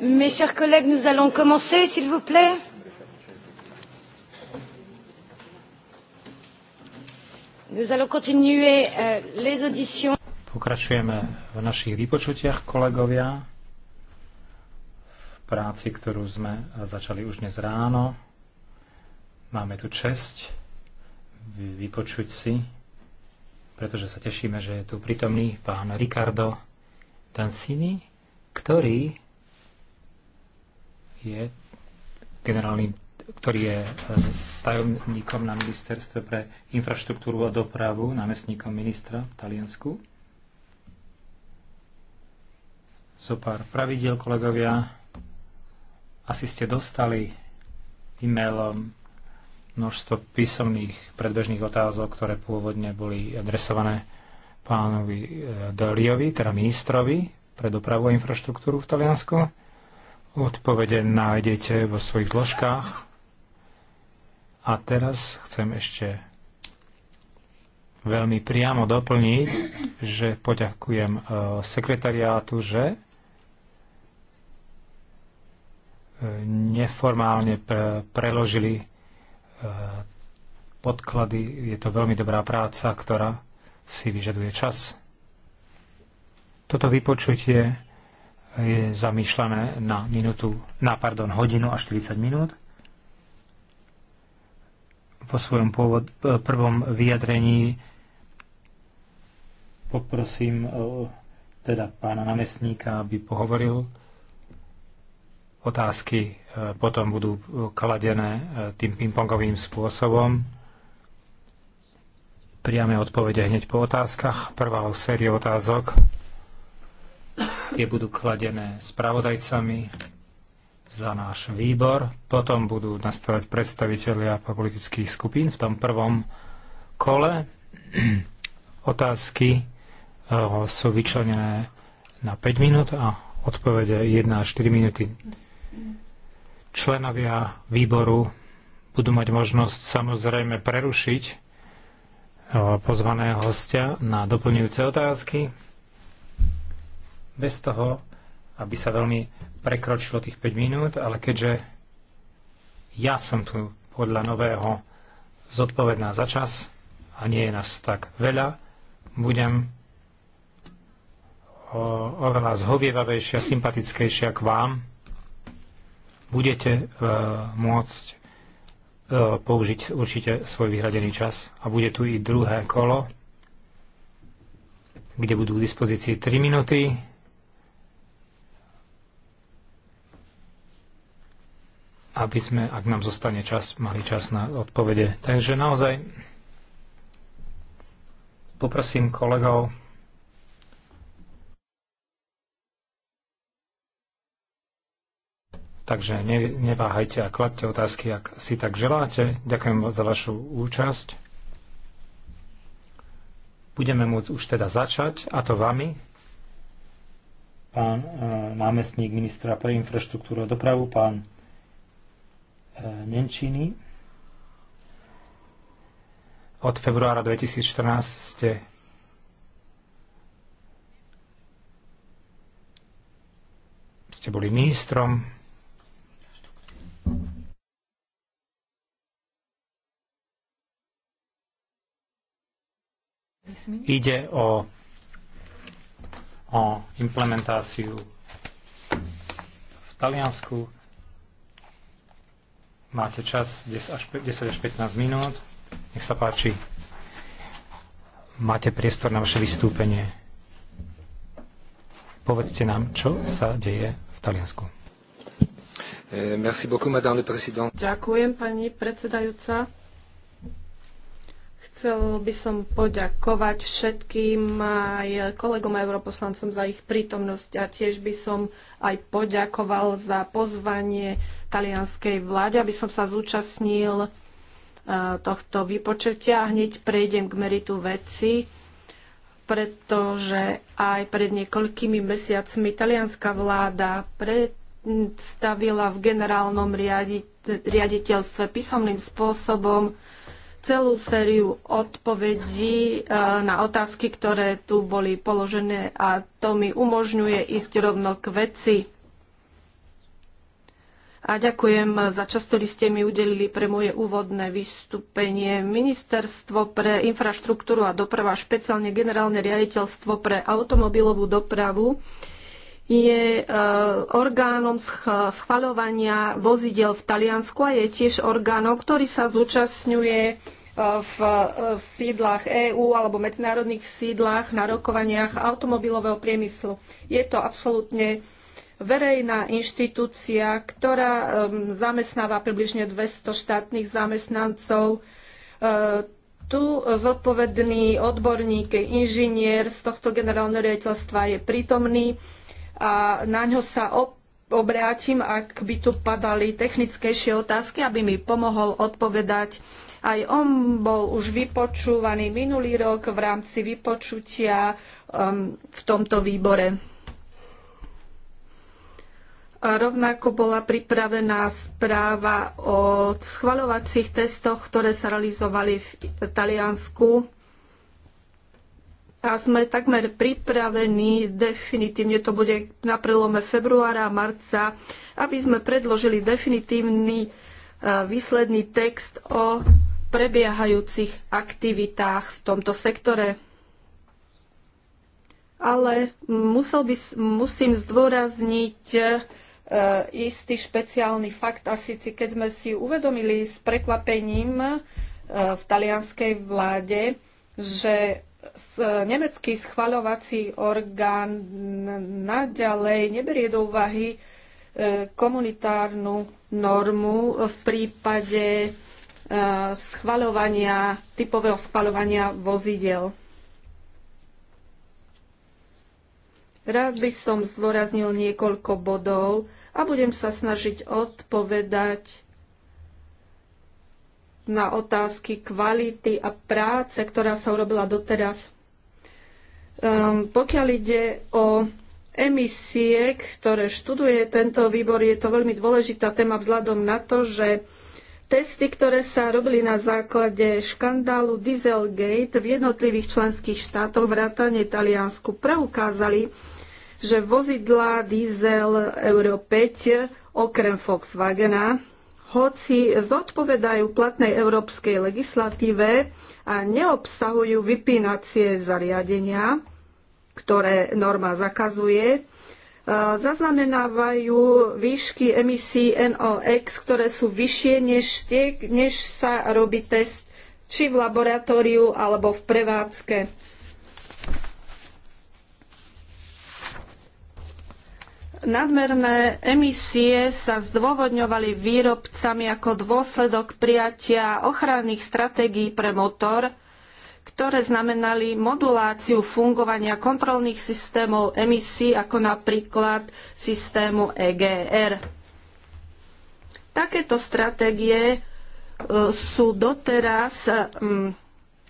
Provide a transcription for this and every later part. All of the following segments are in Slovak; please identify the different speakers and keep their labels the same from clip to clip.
Speaker 1: Mes chers collègues, nous allons commencer, s'il vous plaît. Nous allons continuer euh, les auditions.
Speaker 2: Pokračujeme v našich vypočutiach, kolegovia, v práci, ktorú sme začali už dnes ráno. Máme tu čest vypočuť si, pretože sa tešíme, že je tu prítomný pán Ricardo Dancini, ktorý je generálnym, ktorý je eh, tajomníkom na ministerstve pre infraštruktúru a dopravu, námestníkom ministra v Taliansku. Zo so pár pravidiel, kolegovia. Asi ste dostali e-mailom množstvo písomných predbežných otázok, ktoré pôvodne boli adresované pánovi eh, Deliovi, teda ministrovi pre dopravu a infraštruktúru v Taliansku. Odpovede nájdete vo svojich zložkách. A teraz chcem ešte veľmi priamo doplniť, že poďakujem e, sekretariátu, že e, neformálne preložili e, podklady. Je to veľmi dobrá práca, ktorá si vyžaduje čas. Toto vypočutie je zamýšľané na, minutu, na pardon, hodinu a 40 minút. Po svojom pôvod, e, prvom vyjadrení poprosím e, teda pána namestníka, aby pohovoril. Otázky e, potom budú kladené tým pingpongovým spôsobom. Priame odpovede hneď po otázkach. Prvá série otázok Tie budú kladené spravodajcami za náš výbor. Potom budú nastavať predstavitelia politických skupín v tom prvom kole. Otázky eh, sú vyčlenené na 5 minút a odpovede 1 až 4 minúty. Členovia výboru budú mať možnosť samozrejme prerušiť eh, pozvaného hostia na doplňujúce otázky bez toho, aby sa veľmi prekročilo tých 5 minút, ale keďže ja som tu podľa nového zodpovedná za čas a nie je nás tak veľa, budem oveľa zhovievavejšia, sympatickejšia k vám. Budete e, môcť e, použiť určite svoj vyhradený čas a bude tu i druhé kolo, kde budú k dispozícii 3 minúty aby sme, ak nám zostane čas, mali čas na odpovede. Takže naozaj poprosím kolegov, Takže neváhajte a kladte otázky, ak si tak želáte. Ďakujem za vašu účasť. Budeme môcť už teda začať, a to vami, pán e, námestník ministra pre infraštruktúru a dopravu, pán Nenčiny. E, Od februára 2014 ste ste boli ministrom. Ide o, o implementáciu v Taliansku Máte čas 10 až, 10 až 15 minút. Nech sa páči. Máte priestor na vaše vystúpenie. Povedzte nám, čo sa deje v Taliansku.
Speaker 3: Eh,
Speaker 1: Ďakujem, pani predsedajúca. Chcel by som poďakovať všetkým aj kolegom a europoslancom za ich prítomnosť a tiež by som aj poďakoval za pozvanie talianskej vláde, aby som sa zúčastnil e, tohto a Hneď prejdem k meritu veci, pretože aj pred niekoľkými mesiacmi talianská vláda predstavila v generálnom riaditeľstve písomným spôsobom celú sériu odpovedí e, na otázky, ktoré tu boli položené a to mi umožňuje ísť rovno k veci. A ďakujem za čas, ktorý ste mi udelili pre moje úvodné vystúpenie. Ministerstvo pre infraštruktúru a doprava, špeciálne generálne riaditeľstvo pre automobilovú dopravu, je e, orgánom schvaľovania vozidel v Taliansku a je tiež orgánom, ktorý sa zúčastňuje v, v sídlach EÚ alebo medzinárodných sídlach na rokovaniach automobilového priemyslu. Je to absolútne verejná inštitúcia, ktorá zamestnáva približne 200 štátnych zamestnancov. E, tu zodpovedný odborník, inžinier z tohto generálneho riaditeľstva je prítomný a na ňo sa obrátim, ak by tu padali technickejšie otázky, aby mi pomohol odpovedať aj on bol už vypočúvaný minulý rok v rámci vypočutia um, v tomto výbore. A rovnako bola pripravená správa o schvaľovacích testoch, ktoré sa realizovali v Taliansku. A sme takmer pripravení, definitívne to bude na prelome februára a marca, aby sme predložili definitívny eh, výsledný text o prebiehajúcich aktivitách v tomto sektore. Ale musel by, musím zdôrazniť e, istý špeciálny fakt. A síci, keď sme si uvedomili s prekvapením e, v talianskej vláde, že e, nemecký schvaľovací orgán naďalej neberie do úvahy e, komunitárnu normu v prípade Eh, schvaľovania, typového schvaľovania vozidel. Rád by som zdôraznil niekoľko bodov a budem sa snažiť odpovedať na otázky kvality a práce, ktorá sa urobila doteraz. Um, pokiaľ ide o emisie, ktoré študuje tento výbor, je to veľmi dôležitá téma vzhľadom na to, že testy, ktoré sa robili na základe škandálu Dieselgate v jednotlivých členských štátoch vrátane Taliansku preukázali, že vozidlá diesel Euro 5 okrem Volkswagena, hoci zodpovedajú platnej európskej legislatíve a neobsahujú vypínacie zariadenia, ktoré norma zakazuje, E, zaznamenávajú výšky emisí NOx, ktoré sú vyššie než, tie, než sa robí test či v laboratóriu alebo v prevádzke. Nadmerné emisie sa zdôvodňovali výrobcami ako dôsledok prijatia ochranných stratégií pre motor – ktoré znamenali moduláciu fungovania kontrolných systémov emisí, ako napríklad systému EGR. Takéto stratégie e, sú doteraz e,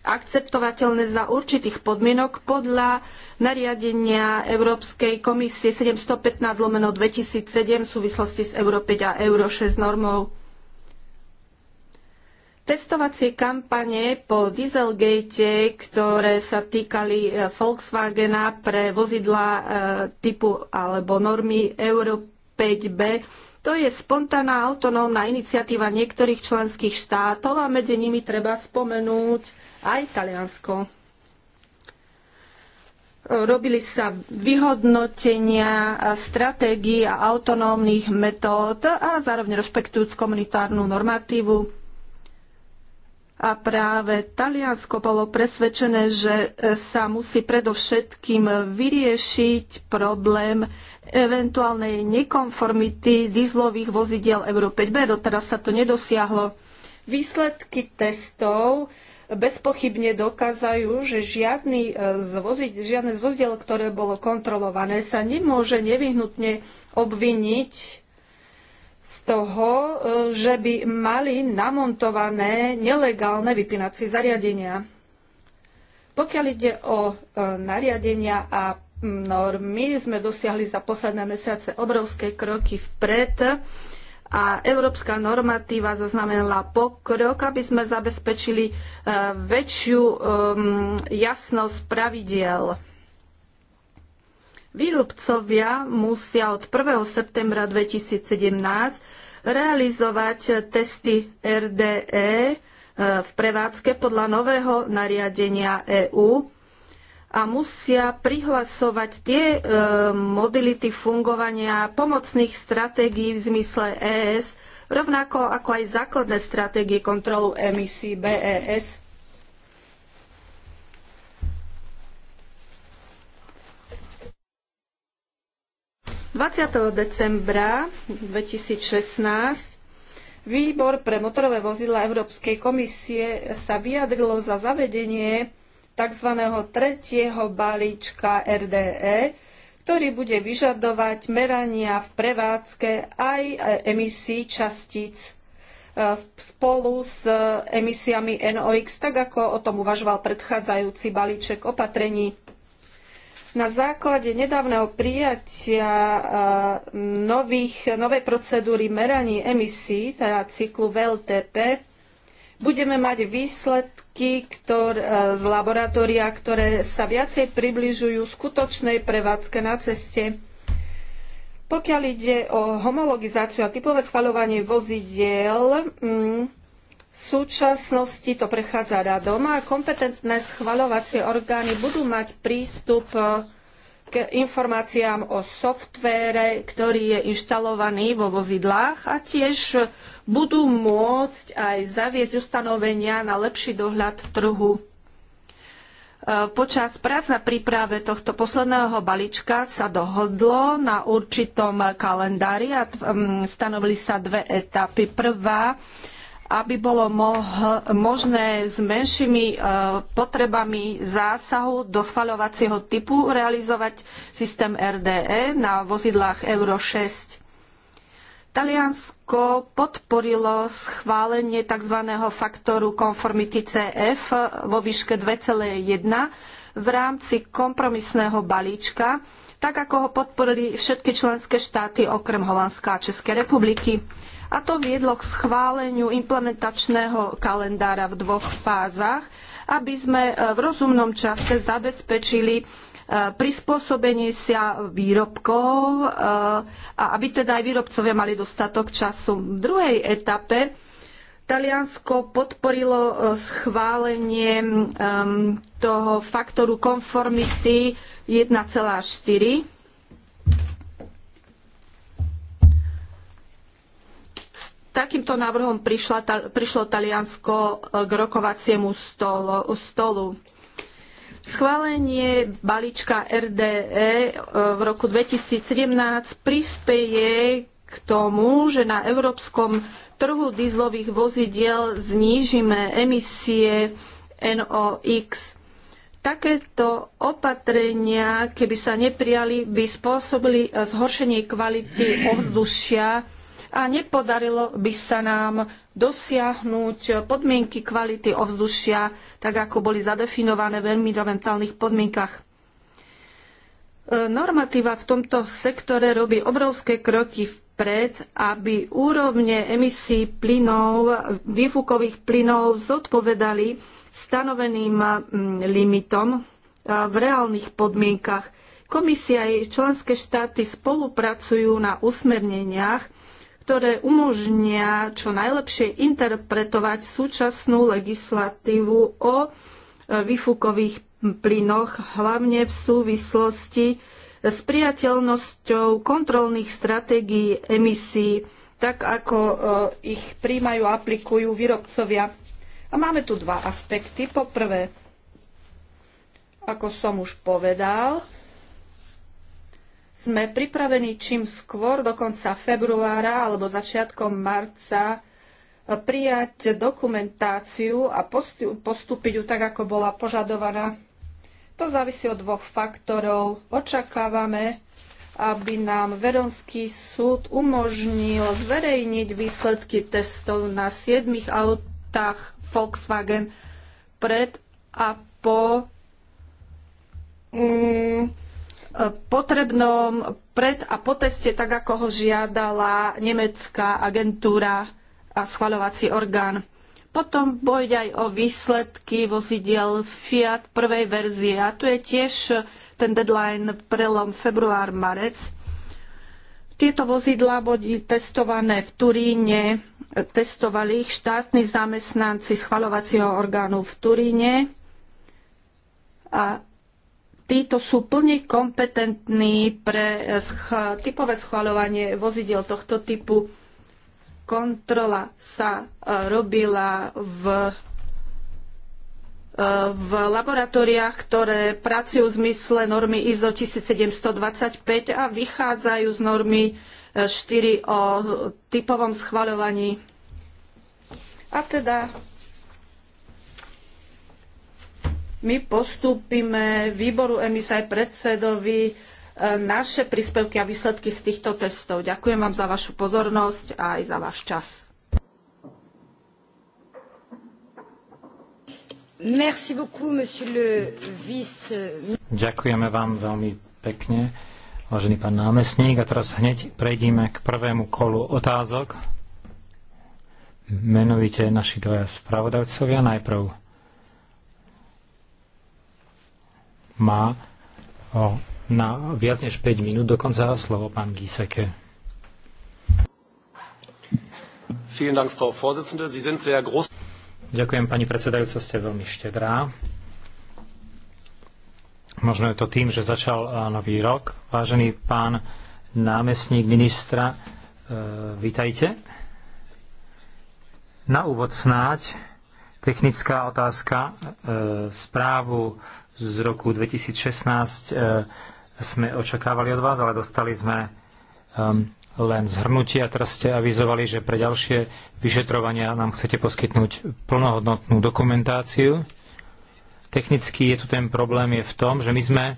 Speaker 1: akceptovateľné za určitých podmienok podľa nariadenia Európskej komisie 715 lomeno 2007 v súvislosti s Euro 5 a Euro 6 normou. Testovacie kampane po Dieselgate, ktoré sa týkali e, Volkswagena pre vozidla e, typu alebo normy Euro 5B, to je spontánna autonómna iniciatíva niektorých členských štátov a medzi nimi treba spomenúť aj Taliansko robili sa vyhodnotenia stratégií a autonómnych metód a zároveň rešpektujúc komunitárnu normatívu. A práve Taliansko bolo presvedčené, že e, sa musí predovšetkým vyriešiť problém eventuálnej nekonformity dízlových vozidiel Euro 5B. Doteraz sa to nedosiahlo. Výsledky testov bezpochybne dokázajú, že žiadny e, z vozid, žiadne z vozidiel, ktoré bolo kontrolované, sa nemôže nevyhnutne obviniť toho, e, že by mali namontované nelegálne vypínacie zariadenia. Pokiaľ ide o e, nariadenia a normy, sme dosiahli za posledné mesiace obrovské kroky vpred a európska normatíva zaznamenala pokrok, aby sme zabezpečili e, väčšiu jasnosť pravidiel. Výrobcovia musia od 1. septembra 2017 realizovať testy RDE e, v prevádzke podľa nového nariadenia EÚ a musia prihlasovať tie e, fungovania pomocných stratégií v zmysle ES, rovnako ako aj základné stratégie kontrolu emisí BES 20. decembra 2016 Výbor pre motorové vozidla Európskej komisie sa vyjadrilo za zavedenie tzv. tretieho balíčka RDE, ktorý bude vyžadovať merania v prevádzke aj emisí častíc e, spolu s emisiami NOx, tak ako o tom uvažoval predchádzajúci balíček opatrení. Na základe nedávneho prijatia e, nových, novej procedúry meraní emisí, teda cyklu VLTP, budeme mať výsledky e, z laboratória, ktoré sa viacej približujú skutočnej prevádzke na ceste. Pokiaľ ide o homologizáciu a typové schvaľovanie vozidiel, mm, v súčasnosti to prechádza radom a kompetentné schvalovacie orgány budú mať prístup e, k informáciám o softvére, ktorý je inštalovaný vo vozidlách a tiež budú môcť aj zaviesť ustanovenia na lepší dohľad trhu. E, počas prác na príprave tohto posledného balíčka sa dohodlo na určitom kalendári a stanovili sa dve etapy. Prvá aby bolo moh- možné s menšími e, potrebami zásahu do schvaľovacieho typu realizovať systém RDE na vozidlách Euro 6. Taliansko podporilo schválenie tzv. faktoru konformity CF vo výške 2,1 v rámci kompromisného balíčka, tak ako ho podporili všetky členské štáty okrem Holandska a Českej republiky a to viedlo k schváleniu implementačného kalendára v dvoch fázach, aby sme e, v rozumnom čase zabezpečili e, prispôsobenie sa výrobkov e, a aby teda aj výrobcovia mali dostatok času. V druhej etape Taliansko podporilo schválenie toho faktoru konformity 1,4 takýmto návrhom prišla, ta, prišlo Taliansko eh, k rokovaciemu stolu. stolu. Schválenie balíčka RDE eh, v roku 2017 prispieje k tomu, že na európskom trhu dízlových vozidiel znížime emisie NOx. Takéto opatrenia, keby sa neprijali, by spôsobili eh, zhoršenie kvality ovzdušia a nepodarilo by sa nám dosiahnuť podmienky kvality ovzdušia, tak ako boli zadefinované v environmentálnych podmienkach. E, normatíva v tomto sektore robí obrovské kroky vpred, aby úrovne emisí plynov, výfukových plynov zodpovedali stanoveným mm, limitom e, v reálnych podmienkach. Komisia i členské štáty spolupracujú na usmerneniach, ktoré umožnia čo najlepšie interpretovať súčasnú legislatívu o e, výfukových plynoch, hlavne v súvislosti s priateľnosťou kontrolných stratégií emisí, tak ako e, ich príjmajú a aplikujú výrobcovia. A máme tu dva aspekty. Poprvé, ako som už povedal, sme pripravení čím skôr, do konca februára alebo začiatkom marca, e, prijať dokumentáciu a postúpiť ju tak, ako bola požadovaná. To závisí od dvoch faktorov. Očakávame, aby nám Veronský súd umožnil zverejniť výsledky testov na siedmých autách Volkswagen pred a po mm, potrebnom pred a po teste, tak ako ho žiadala nemecká agentúra a schvaľovací orgán. Potom pôjde aj o výsledky vozidiel Fiat prvej verzie. A tu je tiež ten deadline prelom február-marec. Tieto vozidlá boli testované v Turíne, testovali ich štátni zamestnanci schvaľovacieho orgánu v Turíne a Títo sú plne kompetentní pre eh, sch- typové schvaľovanie vozidiel tohto typu. Kontrola sa eh, robila v eh, v laboratóriách, ktoré pracujú v zmysle normy ISO 1725 a vychádzajú z normy 4 o typovom schvaľovaní. A teda My postúpime výboru EMIS aj predsedovi e, naše príspevky a výsledky z týchto testov. Ďakujem vám za vašu pozornosť a aj za váš čas. Merci beaucoup, monsieur le vice...
Speaker 2: Ďakujeme vám veľmi pekne, vážený pán námestník. A teraz hneď prejdeme k prvému kolu otázok. Menovite naši dvaja spravodajcovia najprv má o, na viac než 5 minút dokonca slovo pán Giseke. Ďakujem, pani predsedajúca, ste veľmi štedrá. Možno je to tým, že začal e, nový rok. Vážený pán námestník ministra, e, vítajte. Na úvod snáď technická otázka. E, správu z roku 2016 e, sme očakávali od vás, ale dostali sme ehm, len zhrnutie a teraz ste avizovali, že pre ďalšie vyšetrovania nám chcete poskytnúť plnohodnotnú dokumentáciu. Technicky je tu ten problém je v tom, že my sme e,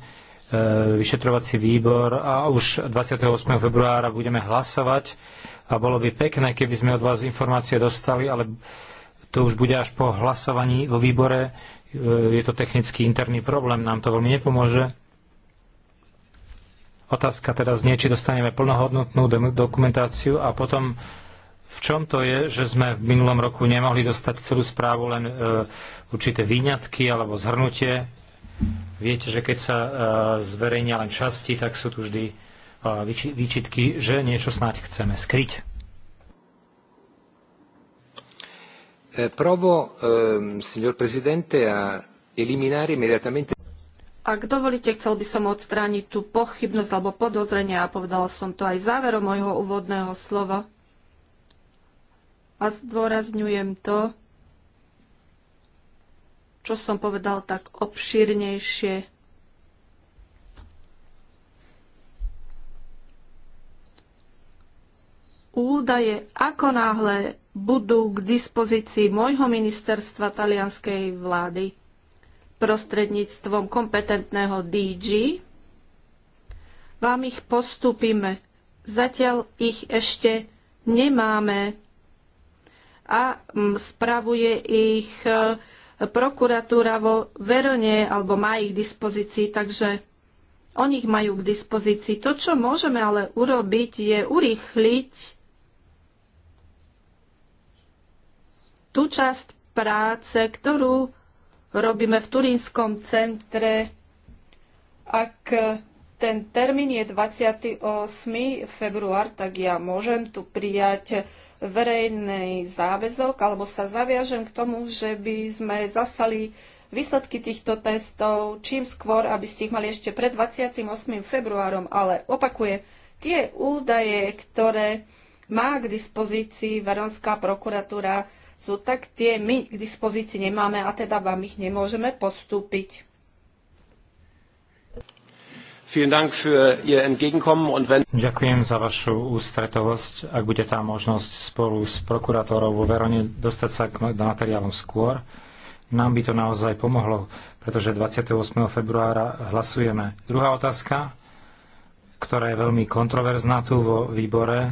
Speaker 2: vyšetrovací výbor a už 28. februára budeme hlasovať a bolo by pekné, keby sme od vás informácie dostali, ale to už bude až po hlasovaní vo výbore, E, je to technický interný problém, nám to veľmi nepomôže. Otázka teda znie, či dostaneme plnohodnotnú dokumentáciu a potom v čom to je, že sme v minulom roku nemohli dostať celú správu, len e, určité výňatky alebo zhrnutie. Viete, že keď sa e, zverejnia len časti, tak sú tu vždy e, výčitky, že niečo snáď chceme skryť.
Speaker 3: Eh, ehm,
Speaker 1: Ak dovolíte, chcel by som odstrániť tú pochybnosť alebo podozrenie a povedala som to aj záverom mojho úvodného slova. A zdôrazňujem to, čo som povedal tak obšírnejšie údaje, ako náhle budú k dispozícii môjho ministerstva talianskej vlády prostredníctvom kompetentného DG, vám ich postupíme. Zatiaľ ich ešte nemáme a mm, spravuje ich e, prokuratúra vo Verone alebo má ich k dispozícii, takže oni ich majú k dispozícii. To, čo môžeme ale urobiť, je urýchliť tú časť práce, ktorú robíme v Turínskom centre, ak ten termín je 28. február, tak ja môžem tu prijať verejný záväzok, alebo sa zaviažem k tomu, že by sme zasali výsledky týchto testov čím skôr, aby ste ich mali ešte pred 28. februárom. Ale opakuje, tie údaje, ktoré má k dispozícii Veronská prokuratúra, sú, tak tie my k dispozícii nemáme a teda vám ich nemôžeme postúpiť.
Speaker 2: Ďakujem za vašu ústretovosť. Ak bude tá možnosť spolu s prokurátorov vo Verone dostať sa k materiálom skôr, nám by to naozaj pomohlo, pretože 28. februára hlasujeme. Druhá otázka, ktorá je veľmi kontroverzná tu vo výbore,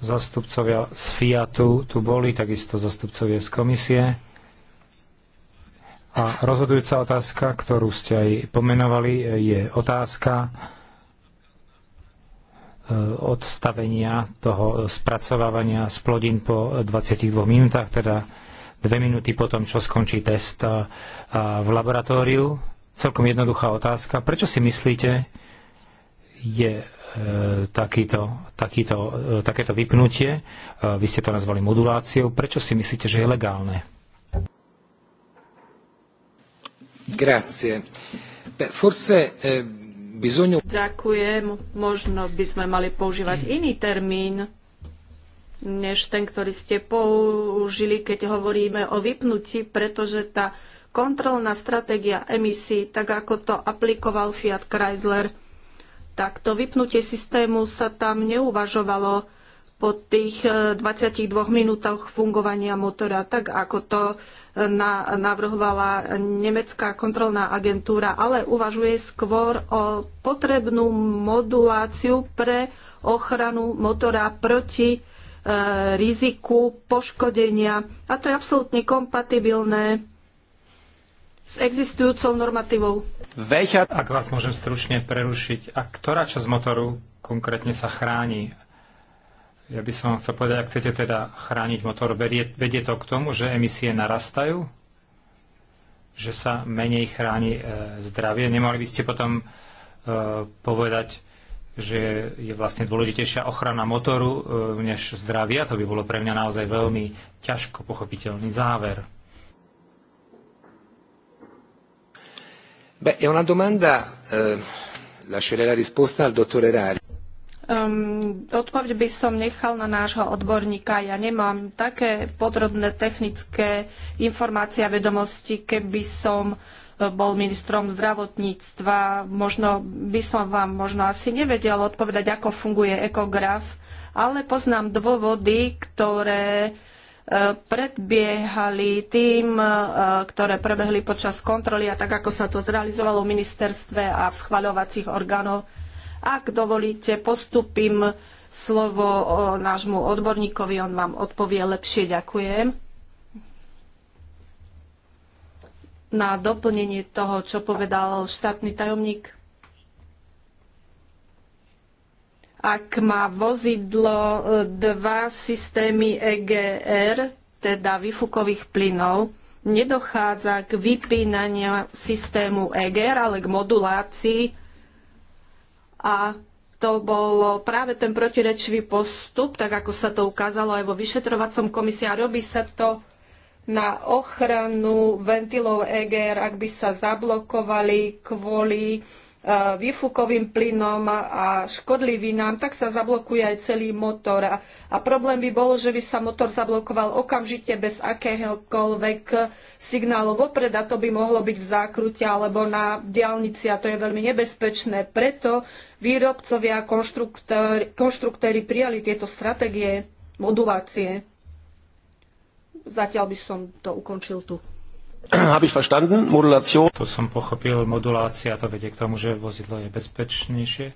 Speaker 2: Zastupcovia z Fiatu tu boli, takisto zastupcovia z komisie. A rozhodujúca otázka, ktorú ste aj pomenovali, je otázka e, odstavenia toho spracovávania z plodín po 22 minútach, teda dve minúty po tom, čo skončí test v laboratóriu. Celkom jednoduchá otázka. Prečo si myslíte, je E, takýto, takýto, e, takéto vypnutie. E, vy ste to nazvali moduláciou. Prečo si myslíte, že je legálne?
Speaker 3: Grazie. forse, bisogno...
Speaker 1: Ďakujem. Možno by sme mali používať iný termín, než ten, ktorý ste použili, keď hovoríme o vypnutí, pretože tá kontrolná stratégia emisí, tak ako to aplikoval Fiat Chrysler, tak to vypnutie systému sa tam neuvažovalo po tých 22 e, minútach fungovania motora, tak ako to e, navrhovala nemecká kontrolná agentúra, ale uvažuje skôr o potrebnú moduláciu pre ochranu motora proti e, riziku poškodenia. A to je absolútne kompatibilné s existujúcou normatívou.
Speaker 2: Väčšia... Ak vás môžem stručne prerušiť, a ktorá časť motoru konkrétne sa chráni? Ja by som chcel povedať, ak chcete teda chrániť motor, vedie, vedie to k tomu, že emisie narastajú? Že sa menej chráni e, zdravie? Nemali by ste potom e, povedať, že je vlastne dôležitejšia ochrana motoru e, než zdravia? To by bolo pre mňa naozaj veľmi ťažko pochopiteľný záver.
Speaker 3: Beh, è una domanda, eh, lascerei la risposta al dottore Rari.
Speaker 1: Um, odpoveď by som nechal na nášho odborníka. Ja nemám také podrobné technické informácie a vedomosti, keby som eh, bol ministrom zdravotníctva. Možno by som vám možno asi nevedel odpovedať, ako funguje ekograf, ale poznám dôvody, ktoré predbiehali tým, e, ktoré prebehli počas kontroly a tak, ako sa to zrealizovalo v ministerstve a v schvaľovacích orgánoch. Ak dovolíte, postupím slovo e, nášmu odborníkovi, on vám odpovie lepšie. Ďakujem. Na doplnenie toho, čo povedal štátny tajomník ak má vozidlo e, dva systémy EGR, teda výfukových plynov, nedochádza k vypínaniu systému EGR, ale k modulácii. A to bol práve ten protirečivý postup, tak ako sa to ukázalo aj vo vyšetrovacom komisii. A robí sa to na ochranu ventilov EGR, ak by sa zablokovali kvôli E, výfukovým plynom a škodlivinám, tak sa zablokuje aj celý motor. A, problém by bolo, že by sa motor zablokoval okamžite bez akéhokoľvek signálu vopred a to by mohlo byť v zákrute alebo na diálnici a to je veľmi nebezpečné. Preto výrobcovia a konštruktéri, prijali tieto stratégie modulácie. Zatiaľ by som to ukončil tu.
Speaker 2: To som pochopil, modulácia to vedie k tomu, že vozidlo je bezpečnejšie.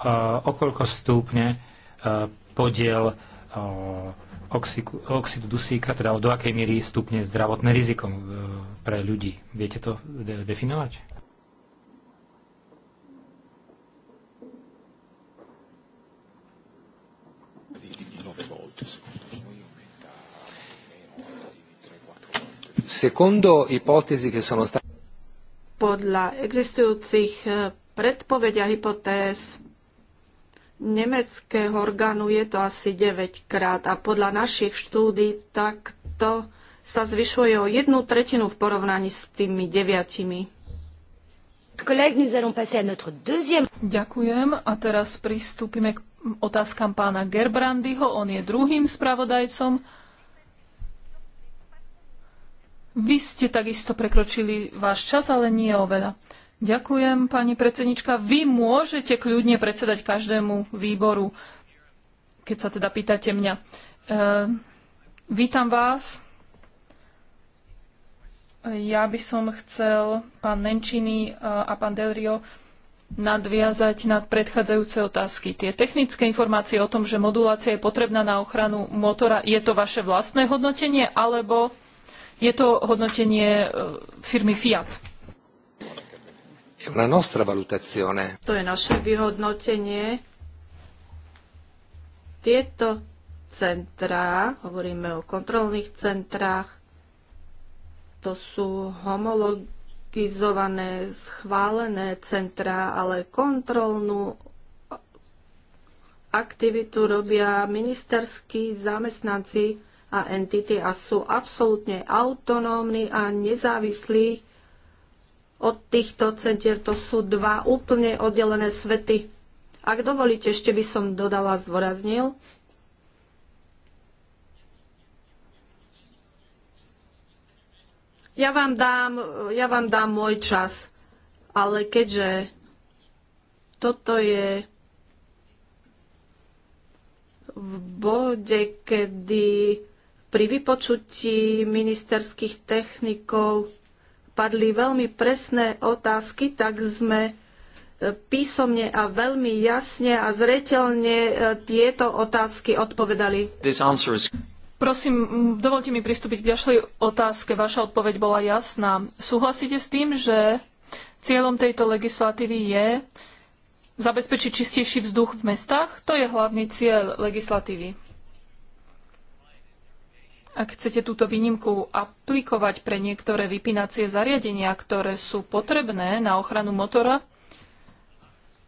Speaker 2: A okoľko stúpne podiel oxiku, oxidu dusíka, teda do akej miery stupne zdravotné rizikom e, pre ľudí. Viete to de- definovať?
Speaker 1: podľa existujúcich eh, predpovedia hypotéz nemeckého orgánu je to asi 9 krát a podľa našich štúdí takto sa zvyšuje o jednu tretinu v porovnaní s tými deviatimi.
Speaker 4: Ďakujem a teraz pristúpime k otázkam pána Gerbrandyho. On je druhým spravodajcom. Vy ste takisto prekročili váš čas, ale nie oveľa. Ďakujem, pani predsednička. Vy môžete kľudne predsedať každému výboru, keď sa teda pýtate mňa. E, vítam vás. Ja by som chcel, pán Nenčiny e, a pán Delrio, nadviazať na predchádzajúce otázky. Tie technické informácie o tom, že modulácia je potrebná na ochranu motora, je to vaše vlastné hodnotenie, alebo je to hodnotenie e, firmy Fiat.
Speaker 1: To je naše vyhodnotenie. Tieto centrá, hovoríme o kontrolných centrách, to sú homologizované, schválené centrá, ale kontrolnú aktivitu robia ministerskí zamestnanci a entity a sú absolútne autonómni a nezávislí od týchto centier. To sú dva úplne oddelené svety. Ak dovolíte, ešte by som dodala, zdôraznil, ja vám dám, ja vám dám môj čas, ale keďže toto je v bode, kedy pri vypočutí ministerských technikov padli veľmi presné otázky, tak sme e, písomne a veľmi jasne a zreteľne e, tieto otázky odpovedali. Prosím, dovolte
Speaker 4: mi pristúpiť k ďalšej otázke. Vaša odpoveď bola jasná. Súhlasíte s tým, že cieľom tejto legislatívy je zabezpečiť čistejší vzduch v mestách? To je hlavný cieľ legislatívy. Ak chcete túto výnimku aplikovať pre niektoré vypínacie zariadenia, ktoré sú potrebné na ochranu motora,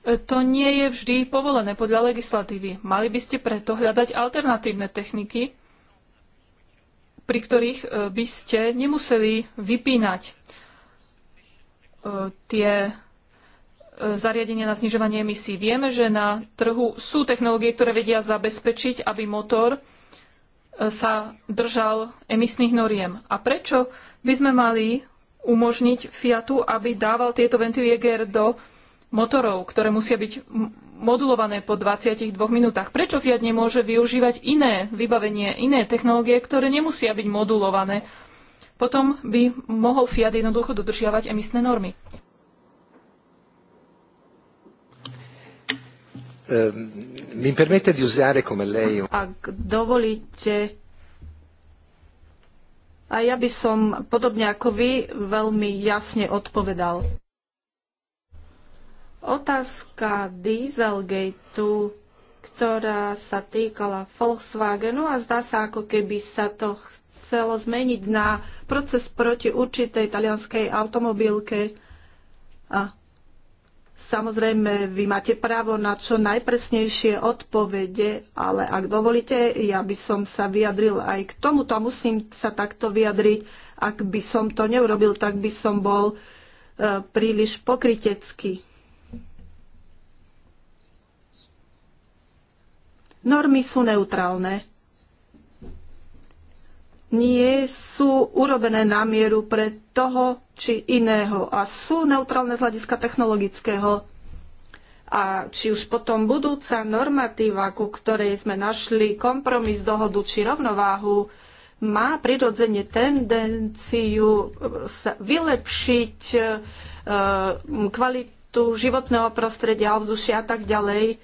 Speaker 4: e, to nie je vždy povolené podľa legislatívy. Mali by ste preto hľadať alternatívne techniky, pri ktorých e, by ste nemuseli vypínať e, tie zariadenia na znižovanie emisí. Vieme, že na trhu sú technológie, ktoré vedia zabezpečiť, aby motor sa držal emisných noriem. A prečo by sme mali umožniť Fiatu, aby dával tieto ventily EGR do motorov, ktoré musia byť modulované po 22 minútach. Prečo Fiat nemôže využívať iné vybavenie, iné technológie, ktoré nemusia byť modulované? Potom by mohol Fiat jednoducho dodržiavať emisné normy.
Speaker 2: Ehm,
Speaker 3: mi permette di usare come lei...
Speaker 1: Ak dovolíte, a ja by som, podobne ako vy, veľmi jasne odpovedal. Otázka Dieselgate ktorá sa týkala Volkswagenu a zdá sa, ako keby sa to chcelo zmeniť na proces proti určitej talianskej automobilke. A Samozrejme, vy máte právo na čo najpresnejšie odpovede, ale ak dovolíte, ja by som sa vyjadril aj k tomuto a musím sa takto vyjadriť. Ak by som to neurobil, tak by som bol e, príliš pokrytecký. Normy sú neutrálne nie sú urobené na mieru pre toho či iného a sú neutrálne z hľadiska technologického. A či už potom budúca normatíva, ku ktorej sme našli kompromis, dohodu či rovnováhu, má prirodzene tendenciu eh, sa vylepšiť eh, kvalitu životného prostredia, ovzdušia a tak ďalej.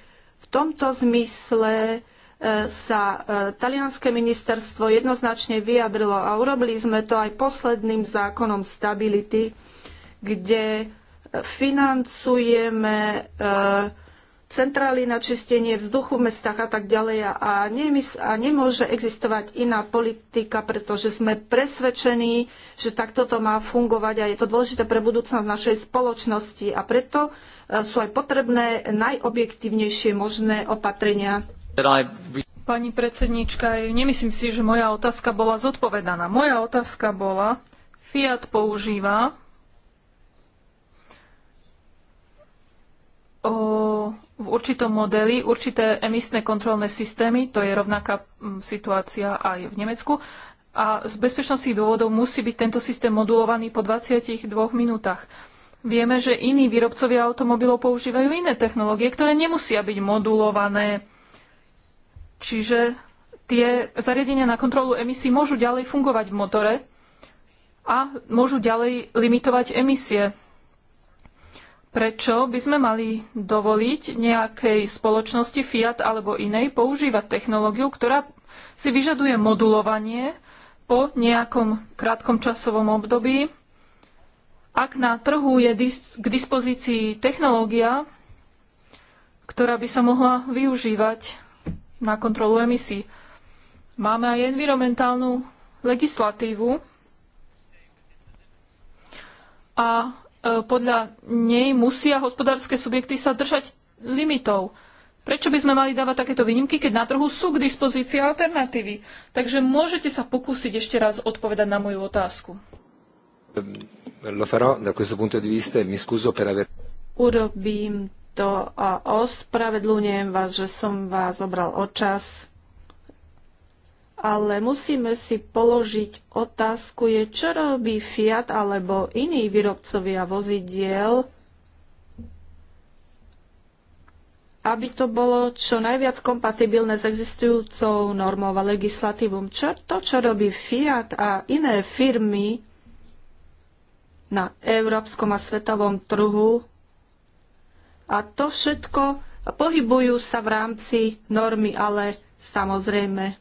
Speaker 1: V tomto zmysle E, sa e, talianské ministerstvo jednoznačne vyjadrilo a urobili sme to aj posledným zákonom stability, kde e, financujeme centrály na čistenie vzduchu v mestách a tak ďalej a, nemys- a nemôže existovať iná politika, pretože sme presvedčení, že takto to má fungovať a je to dôležité pre budúcnosť našej spoločnosti a preto sú aj potrebné najobjektívnejšie možné opatrenia. Pani predsedníčka, nemyslím si, že moja otázka bola zodpovedaná.
Speaker 4: Moja otázka bola, Fiat používa v určitom modeli určité emisné kontrolné systémy, to je rovnaká situácia aj v Nemecku, a z bezpečnostných dôvodov musí byť tento systém modulovaný po 22 minútach. Vieme, že iní výrobcovia automobilov používajú iné technológie, ktoré nemusia byť modulované Čiže tie zariadenia na kontrolu emisí môžu ďalej fungovať v motore a môžu ďalej limitovať emisie. Prečo by sme mali dovoliť nejakej spoločnosti Fiat alebo inej používať technológiu, ktorá si vyžaduje modulovanie po nejakom krátkom časovom období, ak na trhu je k dispozícii technológia, ktorá by sa mohla využívať na kontrolu emisí. Máme aj environmentálnu legislatívu a e, podľa nej musia hospodárske subjekty sa držať limitov. Prečo by sme mali dávať takéto výnimky, keď na trhu sú k dispozícii alternatívy? Takže môžete sa pokúsiť ešte
Speaker 1: raz odpovedať na moju otázku. Urobím to ospravedlňujem vás, že som vás obral o čas, ale musíme si položiť otázku, je, čo robí Fiat alebo iní výrobcovia vozidiel, aby to bolo čo najviac kompatibilné s existujúcou normou a legislatívom. Čo, to, čo robí Fiat a iné firmy na európskom a svetovom trhu, a to všetko pohybujú sa v rámci normy, ale samozrejme.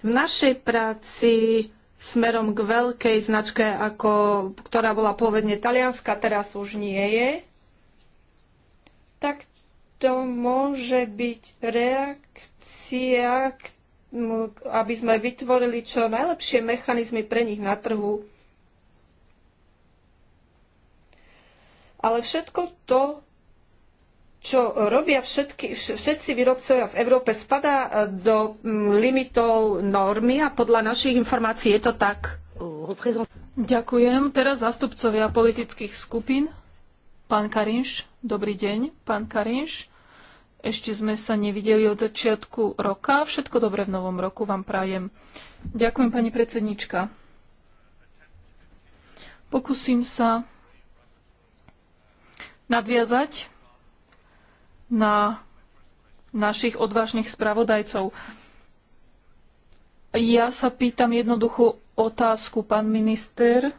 Speaker 1: V našej práci smerom k veľkej značke, ako, ktorá bola pôvodne talianska, teraz už nie je, tak to môže byť reakcia, aby sme vytvorili čo najlepšie mechanizmy pre nich na trhu. Ale všetko to, čo robia všetky, všetci výrobcovia v Európe, spadá eh, do mm, limitov normy a podľa našich informácií je to tak.
Speaker 4: Ďakujem. Teraz zastupcovia politických skupín. Pán Karinš, dobrý deň, pán Karinš. Ešte sme sa nevideli od začiatku roka. Všetko dobré v novom roku vám prajem. Ďakujem, pani predsednička. Pokúsim sa nadviazať na našich odvážnych spravodajcov. Ja sa pýtam jednoduchú otázku, pán minister.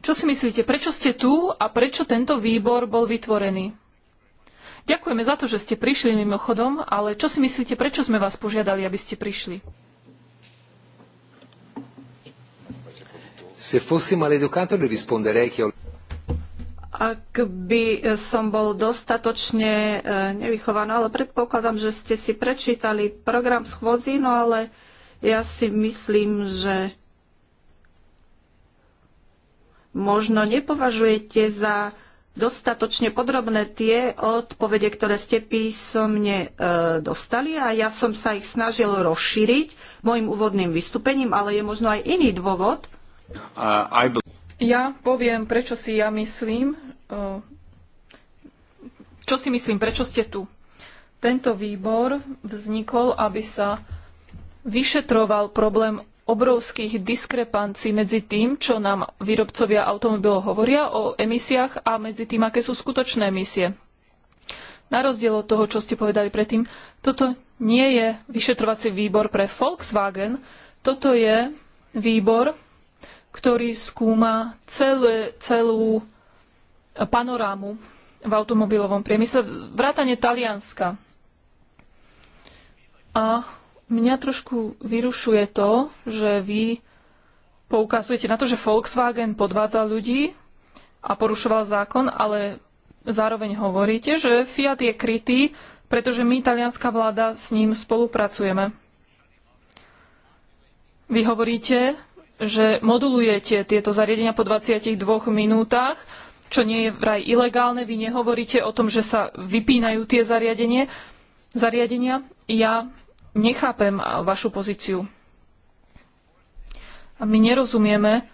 Speaker 4: Čo si myslíte, prečo ste tu a prečo tento výbor bol vytvorený? Ďakujeme za to, že ste prišli mimochodom, ale čo si myslíte, prečo sme vás požiadali, aby ste prišli?
Speaker 3: Se fossi maleducato, le risponderei che ho...
Speaker 1: Ak by som bol dostatočne e, nevychovaná, ale predpokladám, že ste si prečítali program schôdzi, no ale ja si myslím, že možno nepovažujete za dostatočne podrobné tie odpovede, ktoré ste písomne e, dostali a ja som sa ich snažil rozšíriť môjim úvodným vystúpením, ale je možno aj iný dôvod, Uh, ja poviem, prečo si ja
Speaker 4: myslím, uh, čo si myslím, prečo ste tu. Tento výbor vznikol, aby sa vyšetroval problém obrovských diskrepancií medzi tým, čo nám výrobcovia automobilov hovoria o emisiách a medzi tým, aké sú skutočné emisie. Na rozdiel od toho, čo ste povedali predtým, toto nie je vyšetrovací výbor pre Volkswagen, toto je výbor ktorý skúma celé, celú panorámu v automobilovom priemysle, vrátane Talianska. A mňa trošku vyrušuje to, že vy poukazujete na to, že Volkswagen podvádza ľudí a porušoval zákon, ale zároveň hovoríte, že Fiat je krytý, pretože my, talianská vláda, s ním spolupracujeme. Vy hovoríte, že modulujete tieto zariadenia po 22 minútach, čo nie je vraj ilegálne. Vy nehovoríte o tom, že sa vypínajú tie zariadenie, zariadenia. Ja nechápem vašu pozíciu. A my nerozumieme,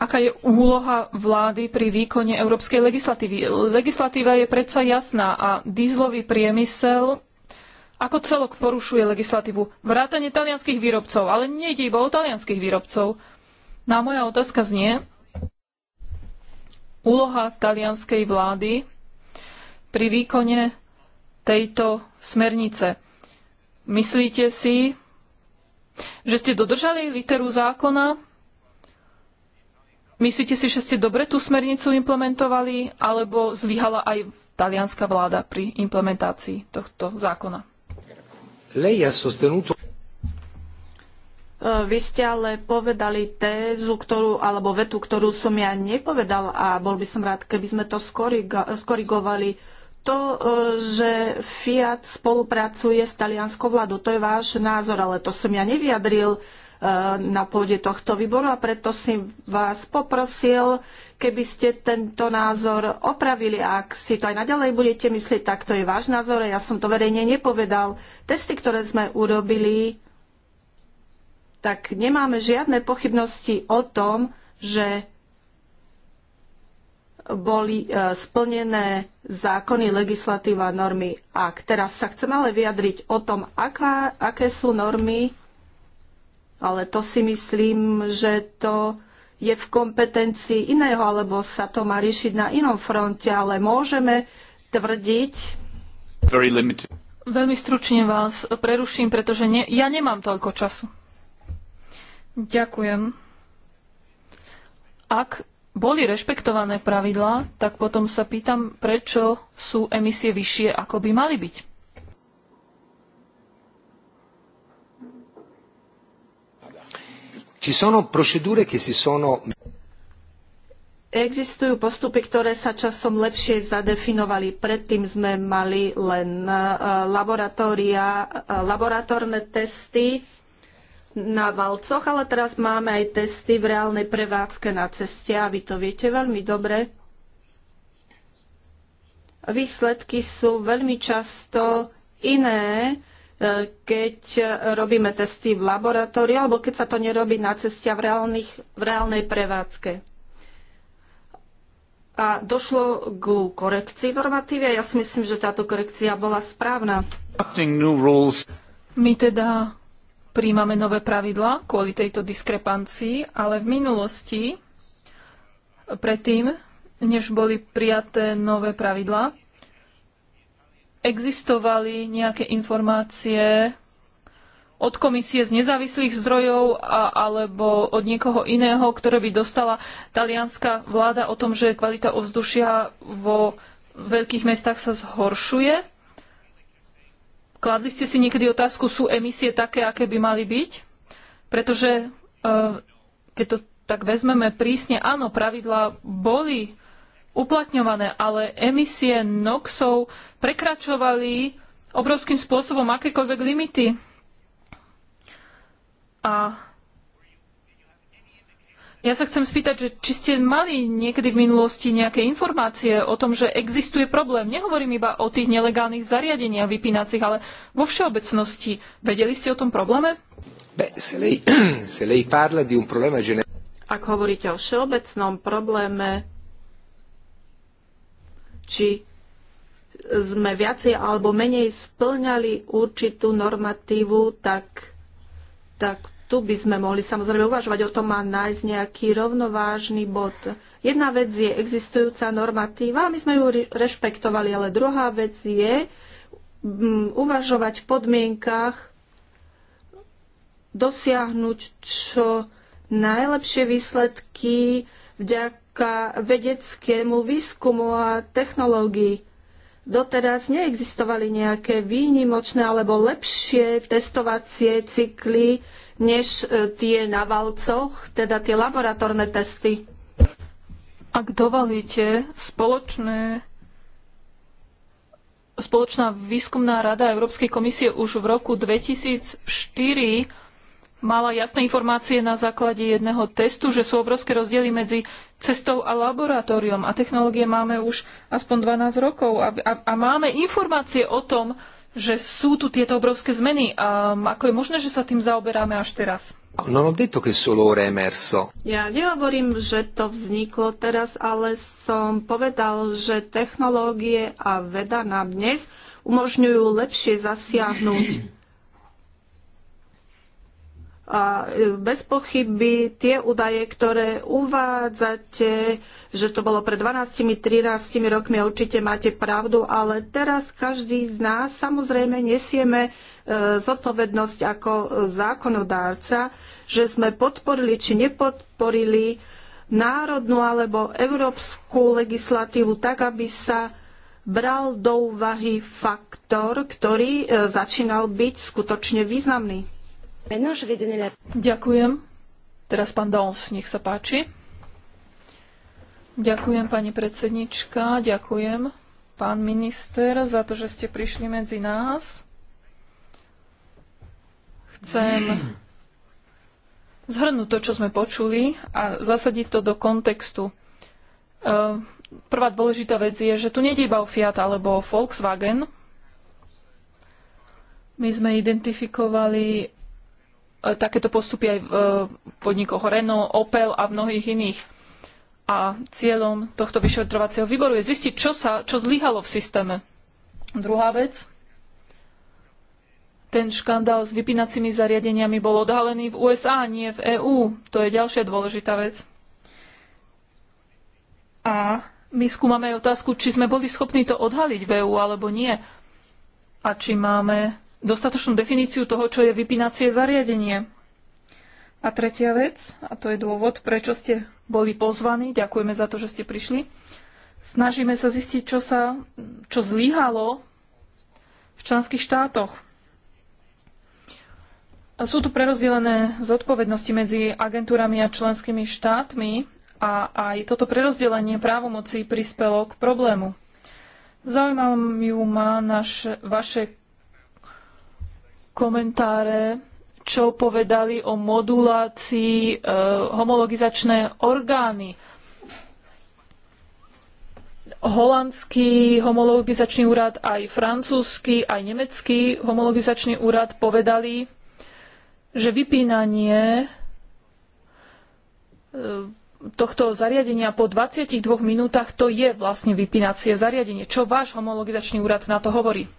Speaker 4: aká je úloha vlády pri výkone európskej legislatívy. Legislatíva je predsa jasná a dízlový priemysel ako celok porušuje legislatívu. Vrátane talianských výrobcov, ale nejde iba o talianských výrobcov. No a moja otázka znie, úloha talianskej vlády pri výkone tejto smernice. Myslíte si, že ste dodržali literu zákona? Myslíte si, že ste dobre tú smernicu implementovali, alebo zlyhala aj talianská vláda pri implementácii tohto zákona?
Speaker 1: Eh, vy ste ale povedali tézu, ktorú, alebo vetu, ktorú som ja nepovedal a bol by som rád, keby sme to skorigovali. To, eh, že Fiat spolupracuje s talianskou vládou, to je váš názor, ale to som ja nevyjadril eh, na pôde tohto výboru a preto si vás poprosil, keby ste tento názor opravili. A ak si to aj naďalej budete myslieť, tak to je váš názor a ja som to verejne nepovedal. Testy, ktoré sme urobili, tak nemáme žiadne pochybnosti o tom, že boli e, splnené zákony, legislatíva, normy. A teraz sa chcem ale vyjadriť o tom, aká, aké sú normy, ale to si myslím, že to je v kompetencii iného, alebo sa to má riešiť na inom fronte, ale môžeme tvrdiť. Veľmi
Speaker 4: stručne vás preruším, pretože ne, ja nemám toľko času. Ďakujem. Ak boli rešpektované pravidlá, tak potom sa pýtam, prečo sú emisie vyššie, ako by mali byť.
Speaker 3: Ci sono procedure che si sono
Speaker 1: Existujú postupy, ktoré sa časom lepšie zadefinovali. Predtým sme mali len eh, laboratória, eh, laboratórne testy na valcoch, ale teraz máme aj testy v reálnej prevádzke na ceste a vy to viete veľmi dobre. Výsledky sú veľmi často iné, e, keď robíme testy v laboratóriu alebo keď sa to nerobí na ceste a v, reálnych, v reálnej prevádzke. A došlo ku korekcii normatíve. Ja si myslím, že táto korekcia bola správna.
Speaker 4: My teda
Speaker 1: príjmame nové pravidlá kvôli tejto
Speaker 4: diskrepancii, ale v minulosti, predtým, než boli prijaté nové pravidlá, existovali nejaké informácie od komisie z nezávislých zdrojov a, alebo od niekoho iného, ktoré by dostala talianská vláda o tom, že kvalita ovzdušia vo veľkých mestách sa zhoršuje. Kladli ste si niekedy otázku, sú emisie také, aké by mali byť? Pretože eh, keď to tak vezmeme prísne, áno, pravidlá boli uplatňované, ale emisie NOXov prekračovali obrovským spôsobom akékoľvek limity. A ja sa chcem spýtať, že či ste mali niekedy v minulosti nejaké informácie o tom, že existuje problém. Nehovorím iba o tých nelegálnych zariadeniach vypínacích, ale vo všeobecnosti. Vedeli ste o tom probléme?
Speaker 1: Ak hovoríte o všeobecnom probléme, či sme viacej alebo menej splňali určitú normatívu, tak, tak tu by sme mohli samozrejme uvažovať o tom a nájsť nejaký rovnovážny bod. Jedna vec je existujúca normatíva, my sme ju rešpektovali, ale druhá vec je mm, uvažovať v podmienkach, dosiahnuť čo najlepšie výsledky vďaka vedeckému výskumu a technológii. Doteraz neexistovali nejaké výnimočné alebo lepšie testovacie cykly, než e, tie na valcoch, teda tie laboratórne testy. Ak dovolíte,
Speaker 4: spoločné Spoločná výskumná rada Európskej komisie už v roku 2004 mala jasné informácie na základe jedného testu, že sú obrovské rozdiely medzi cestou a laboratóriom. A technológie máme už aspoň 12 rokov a, a, a máme informácie o tom, že sú tu tieto obrovské zmeny. A ehm, ako je možné, že sa tým zaoberáme až teraz?
Speaker 3: Non ho detto che solo ora emerso.
Speaker 1: Ja nehovorím, že to vzniklo teraz, ale som povedal, že technológie a veda nám dnes umožňujú lepšie zasiahnuť a e, bez pochyby tie údaje, ktoré uvádzate, že to bolo pred 12-13 rokmi, určite máte pravdu, ale teraz každý z nás samozrejme nesieme e, zodpovednosť ako zákonodárca, že sme podporili či nepodporili národnú alebo európsku legislatívu tak, aby sa bral do úvahy faktor, ktorý e, začínal byť skutočne významný. Ďakujem.
Speaker 4: Teraz pán Dons, nech sa páči. Ďakujem, pani predsednička. Ďakujem, pán minister, za to, že ste prišli medzi nás. Chcem zhrnúť to, čo sme počuli a zasadiť to do kontextu. Ehm, prvá dôležitá vec je, že tu nejde iba o Fiat alebo o Volkswagen, my sme identifikovali E, takéto postupy aj v e, podnikoch Renault, Opel a mnohých iných. A cieľom tohto vyšetrovacieho výboru je zistiť, čo, sa, čo zlyhalo v systéme. Druhá vec. Ten škandál s vypínacími zariadeniami bol odhalený v USA, nie v EÚ. To je ďalšia dôležitá vec. A my skúmame aj otázku, či sme boli schopní to odhaliť v EÚ alebo nie. A či máme dostatočnú definíciu toho, čo je vypínacie zariadenie. A tretia vec, a to je dôvod, prečo ste boli pozvaní, ďakujeme za to, že ste prišli. Snažíme sa zistiť, čo, sa, čo zlyhalo v členských štátoch. A sú tu prerozdelené zodpovednosti medzi agentúrami a členskými štátmi a aj toto prerozdelenie právomocí prispelo k problému. Zaujímajú ma naš, vaše komentáre, čo povedali o modulácii e, homologizačné orgány. Holandský homologizačný úrad, aj francúzsky, aj nemecký homologizačný úrad povedali, že vypínanie e, tohto zariadenia po 22 minútach to je vlastne vypínacie zariadenie. Čo váš homologizačný úrad na to hovorí?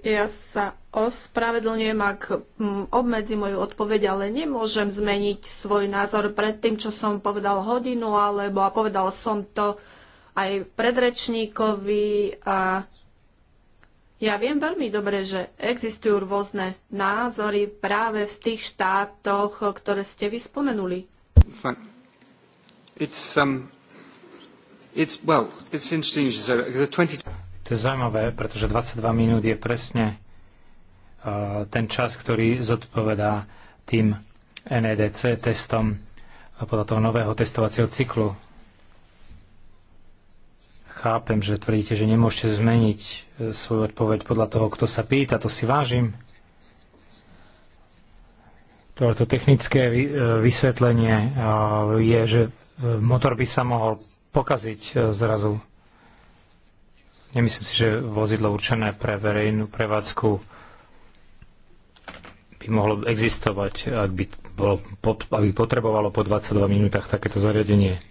Speaker 1: Ja sa ospravedlňujem, ak mm, obmedzi moju odpoveď, ale nemôžem zmeniť svoj názor pred tým, čo som povedal hodinu, alebo a povedal som to aj predrečníkovi. A ja viem veľmi dobre, že existujú rôzne názory práve v tých štátoch, ktoré ste vyspomenuli.
Speaker 4: It's, um,
Speaker 2: it's, well, it's interesting, 20... To je zaujímavé, pretože 22 minút je presne e, ten čas, ktorý zodpovedá tým NEDC testom e, podľa toho nového testovacieho cyklu. Chápem, že tvrdíte, že nemôžete zmeniť e, svoju odpoveď podľa toho, kto sa pýta, to si vážim. Toto technické vysvetlenie je, že motor by sa mohol pokaziť zrazu. Nemyslím si, že vozidlo určené pre verejnú prevádzku by mohlo existovať, ak by, bolo, ak by potrebovalo po 22 minútach takéto zariadenie.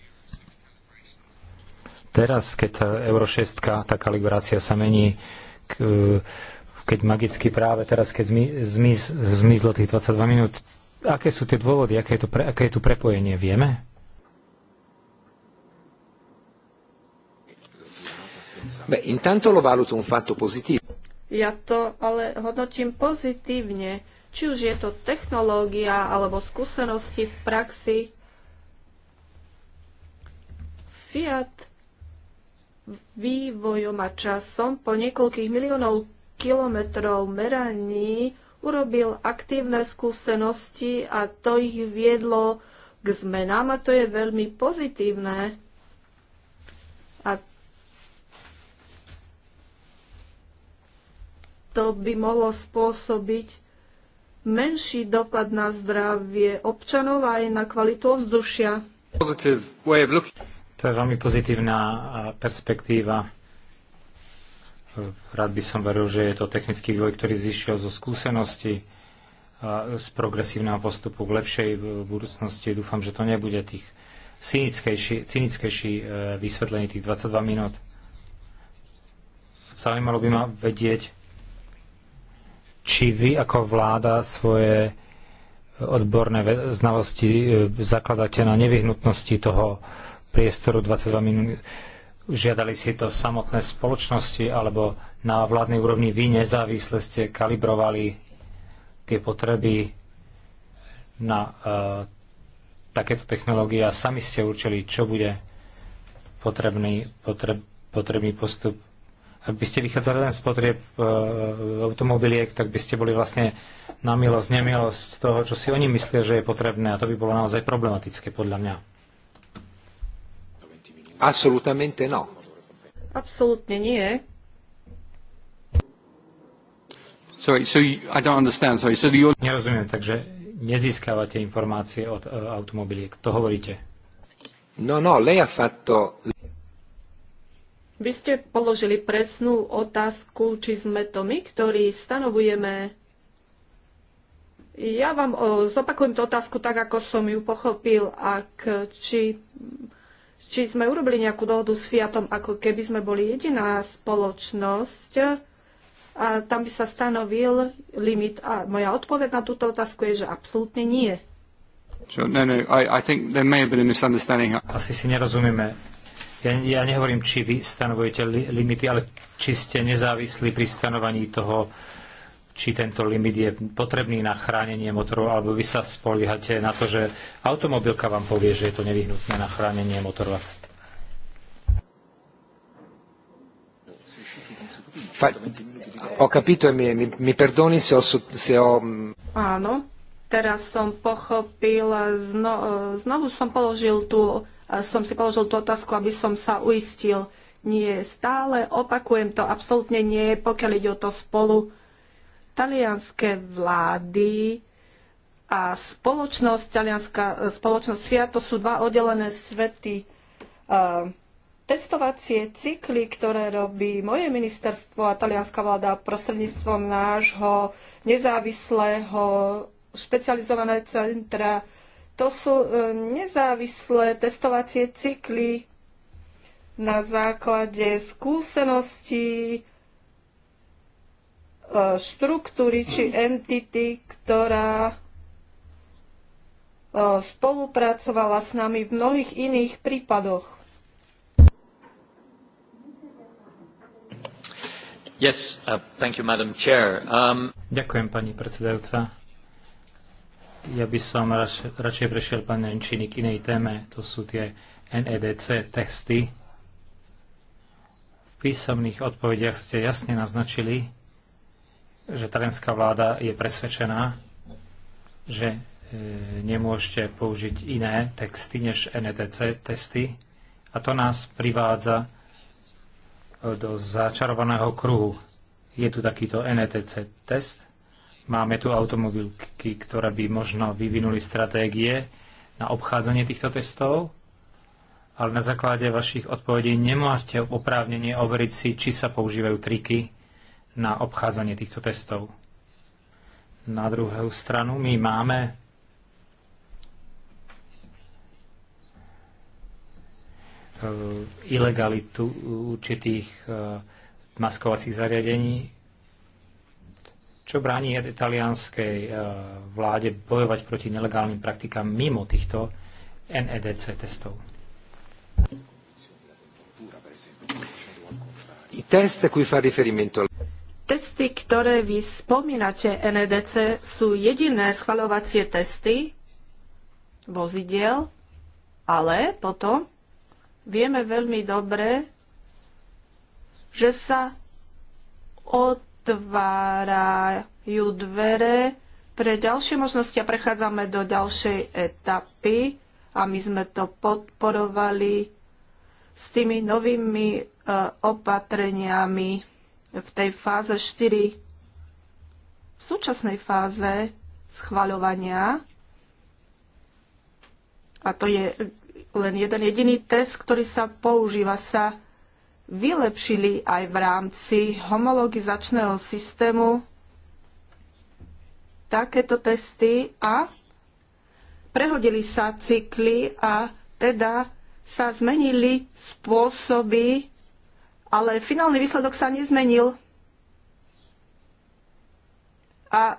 Speaker 2: Teraz, keď Euro 6, tá kalibrácia sa mení, keď magicky práve teraz, keď zmiz, zmizlo tých 22 minút, aké sú tie dôvody, aké je, to pre, aké je tu prepojenie, vieme?
Speaker 3: Beh, intanto lo valuto un fatto positivo.
Speaker 1: Ja to ale hodnotím pozitívne, či už je to technológia alebo skúsenosti v praxi. Fiat vývojom a časom po niekoľkých miliónov kilometrov meraní urobil aktívne skúsenosti a to ich viedlo k zmenám a to je veľmi pozitívne. to by mohlo spôsobiť menší dopad na zdravie občanov aj na kvalitu ovzdušia.
Speaker 2: To je veľmi pozitívna perspektíva. Rád by som veril, že je to technický vývoj, ktorý zišiel zo skúsenosti z progresívneho postupu k lepšej budúcnosti. Dúfam, že to nebude tých cynickejší, cynickejší e, vysvetlení tých 22 minút. Zaujímalo by ma vedieť, či vy ako vláda svoje odborné znalosti e, zakladáte na nevyhnutnosti toho priestoru 22 minút. Žiadali si to samotné spoločnosti, alebo na vládnej úrovni vy nezávisle ste kalibrovali tie potreby na uh, takéto technológie a sami ste určili, čo bude potrebný, potreb, potrebný postup ak by ste vychádzali len z potrieb e, automobiliek, tak by ste boli vlastne na milosť, nemilosť toho, čo si oni myslia, že je potrebné. A to by bolo naozaj problematické, podľa mňa. Absolutamente no.
Speaker 1: Absolutne nie.
Speaker 2: Sorry, so you, I don't understand. Sorry, so you... Nerozumiem, takže nezískavate informácie od e, automobiliek. To hovoríte. No, no, lei ha fatto...
Speaker 1: Vy ste položili presnú otázku, či sme to my, ktorí stanovujeme. Ja vám zopakujem tú otázku tak, ako som ju pochopil, ak, či, či sme urobili nejakú dohodu s Fiatom, ako keby sme boli jediná spoločnosť a tam by sa stanovil limit. A moja odpoveď na túto otázku je, že absolútne nie.
Speaker 2: No, no, Asi si nerozumieme ja, ja nehovorím, či vy stanovujete li, limity, ale či ste nezávislí pri stanovaní toho, či tento limit je potrebný na chránenie motorov, alebo vy sa spoliehate na to, že automobilka vám povie, že je to nevyhnutné na chránenie motorov. Fa-
Speaker 3: ho capito, e mi, mi, mi perdoni se ho, se ho... Mm,
Speaker 1: Áno, teraz som pochopil, zno, znovu som položil tú som si položil tú otázku, aby som sa uistil. Nie, stále opakujem to, absolútne nie, pokiaľ ide o to spolu. Talianské vlády a spoločnosť, talianská spoločnosť Fiat, to sú dva oddelené svety. Uh, testovacie cykly, ktoré robí moje ministerstvo a talianská vláda prostredníctvom nášho nezávislého špecializované centra to sú e, nezávislé testovacie cykly na základe skúseností, e, štruktúry či entity, ktorá e, spolupracovala s nami v mnohých iných prípadoch.
Speaker 2: Yes, uh, you, um... Ďakujem, pani predsedajúca. Ja by som rač, radšej prešiel, pán Nenčiny, k inej téme. To sú tie NEDC texty. V písomných odpovediach ste jasne naznačili, že talianská vláda je presvedčená, že e, nemôžete použiť iné texty než NEDC testy. A to nás privádza e, do začarovaného kruhu. Je tu takýto NETC test, Máme tu automobilky, ktoré by možno vyvinuli stratégie na obchádzanie týchto testov, ale na základe vašich odpovedí nemáte oprávnenie overiť si, či sa používajú triky na obchádzanie týchto testov. Na druhú stranu my máme ilegalitu určitých eh, maskovacích zariadení, čo bráni talianskej e, vláde bojovať proti nelegálnym praktikám mimo týchto NEDC testov?
Speaker 1: Testy, ktoré vy spomínate, NEDC, sú jediné schvalovacie testy vozidiel, ale potom vieme veľmi dobre, že sa od otvárajú dvere pre ďalšie možnosti a prechádzame do ďalšej etapy a my sme to podporovali s tými novými e, opatreniami v tej fáze 4, v súčasnej fáze schvaľovania. A to je len jeden jediný test, ktorý sa používa sa vylepšili aj v rámci homologizačného systému takéto testy a prehodili sa cykly a teda sa zmenili spôsoby, ale finálny výsledok sa nezmenil. A e,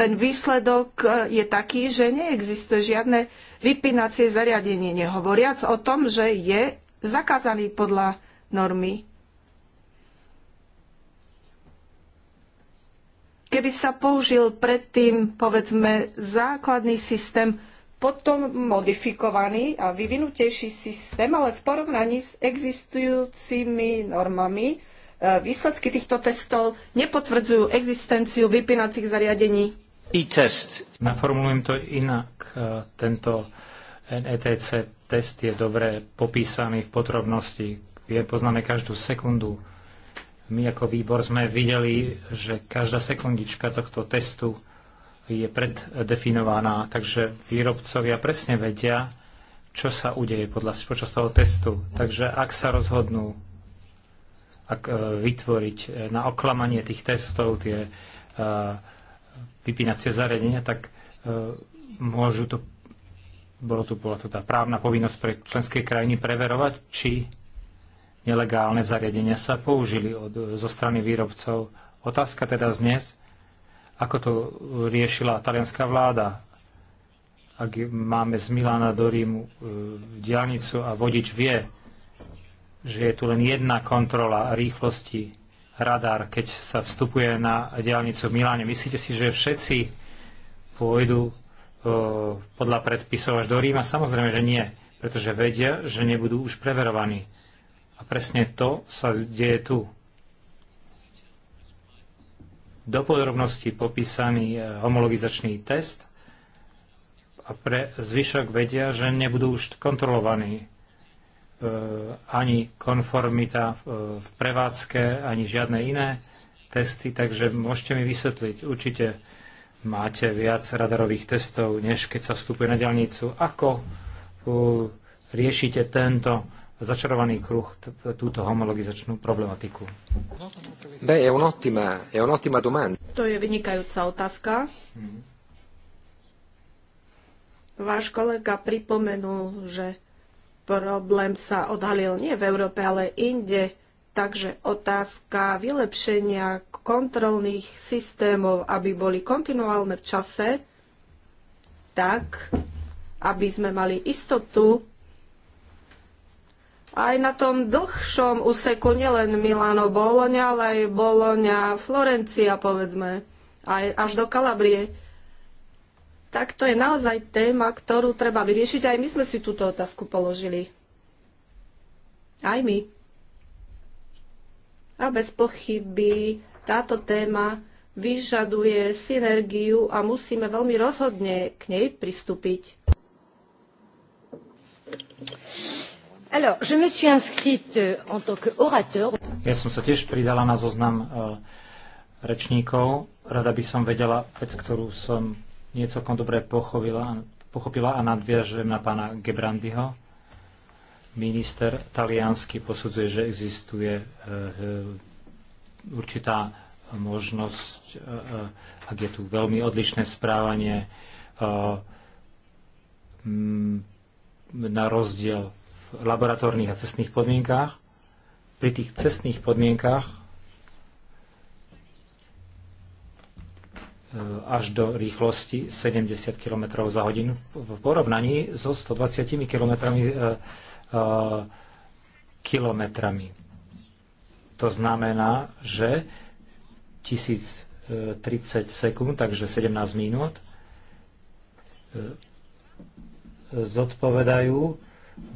Speaker 1: ten výsledok e, je taký, že neexistuje žiadne vypínacie zariadenie, nehovoriac o tom, že je zakázaný podľa normy. Keby sa použil predtým, povedzme, základný systém, potom modifikovaný a vyvinutejší systém, ale v porovnaní s existujúcimi normami e, výsledky týchto testov nepotvrdzujú existenciu vypínacích zariadení.
Speaker 2: E-test. Naformulujem to inak. E, tento NETC test je dobre popísaný v podrobnosti vie, poznáme každú sekundu. My ako výbor sme videli, že každá sekundička tohto testu je preddefinovaná, takže výrobcovia presne vedia, čo sa udeje podľa, počas toho testu. Takže ak sa rozhodnú ak, e, vytvoriť e, na oklamanie tých testov tie e, vypínacie zariadenia, tak môžu to, bolo tu, bola tu tá právna povinnosť pre členské krajiny preverovať, či nelegálne zariadenia sa použili od, zo strany výrobcov. Otázka teda dnes, ako to riešila talianská vláda. Ak máme z Milána do Rímu e, diálnicu a vodič vie, že je tu len jedna kontrola rýchlosti radar, keď sa vstupuje na diálnicu v Miláne. Myslíte si, že všetci pôjdu e, podľa predpisov až do Ríma? Samozrejme, že nie, pretože vedia, že nebudú už preverovaní a presne to sa deje tu. Do podrobnosti popísaný eh, homologizačný test a pre zvyšok vedia, že nebudú už kontrolovaní eh, ani konformita eh, v prevádzke, ani žiadne iné testy, takže môžete mi vysvetliť. Určite máte viac radarových testov, než keď sa vstupuje na diálnicu. Ako riešite tento začarovaný kruh túto homologizačnú problematiku?
Speaker 1: To je vynikajúca otázka. Mhm. Váš kolega pripomenul, že problém sa odhalil nie v Európe, ale inde. Takže otázka vylepšenia kontrolných systémov, aby boli kontinuálne v čase, tak, aby sme mali istotu, aj na tom dlhšom úseku, nielen Milano, Boloňa, ale aj Boloňa, Florencia, povedzme, aj až do Kalabrie. Tak to je naozaj téma, ktorú treba vyriešiť. Aj my sme si túto otázku položili. Aj my. A bez pochyby táto téma vyžaduje synergiu a musíme veľmi rozhodne k nej pristúpiť. Euh,
Speaker 2: ja som sa tiež pridala na zoznam e, rečníkov. Rada by som vedela vec, ktorú som nie celkom dobre pochopila, pochopila a nadviažem na pána Gebrandyho. Minister taliansky posudzuje, že existuje e, e, určitá možnosť, ak je tu veľmi odlišné správanie na rozdiel v laboratórnych a cestných podmienkách. Pri tých cestných podmienkách eh, až do rýchlosti 70 km za hodinu v porovnaní so 120 km eh, eh, kilometrami. To znamená, že 1030 sekúnd, takže 17 minút, zodpovedajú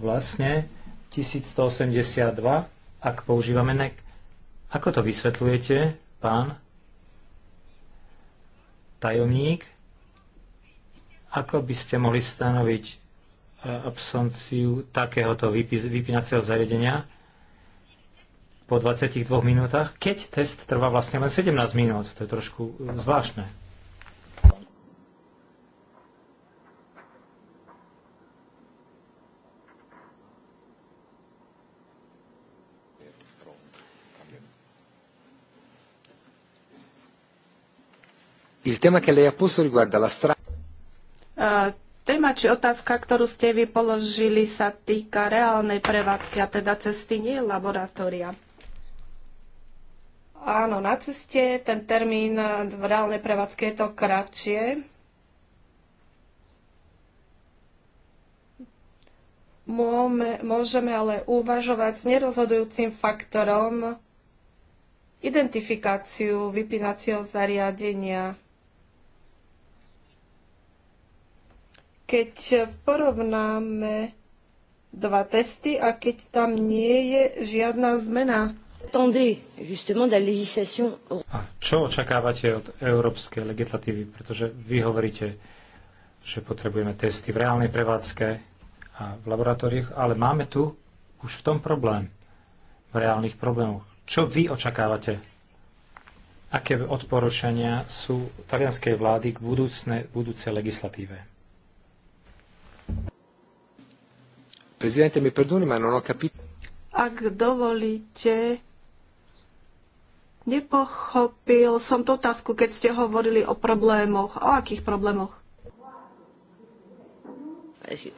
Speaker 2: vlastne 1182, ak používame nek. Ako to vysvetľujete, pán tajomník? Ako by ste mohli stanoviť e, absenciu takéhoto vypínacieho zariadenia po 22 minútach, keď test trvá vlastne len 17 minút. To je trošku zvláštne.
Speaker 3: Il tema che lei ha posto riguarda la strada.
Speaker 1: E, téma či otázka, ktorú ste vy položili, sa týka reálnej prevádzky, a teda cesty, nie laboratória. Áno, na ceste ten termín e, v reálnej prevádzke je to kratšie. Môžeme ale uvažovať s nerozhodujúcim faktorom identifikáciu vypínacieho zariadenia keď porovnáme dva testy a keď tam nie je žiadna zmena.
Speaker 2: A čo očakávate od európskej legislatívy? Pretože vy hovoríte, že potrebujeme testy v reálnej prevádzke a v laboratóriách, ale máme tu už v tom problém, v reálnych problémoch. Čo vy očakávate? Aké odporúčania sú talianskej vlády k budúcne, budúcej legislatíve? Presidente, mi perdoni, ma non ho capito.
Speaker 1: Ak dovolíte, nepochopil som tú otázku, keď ste hovorili o problémoch. O akých problémoch? Eh, eh,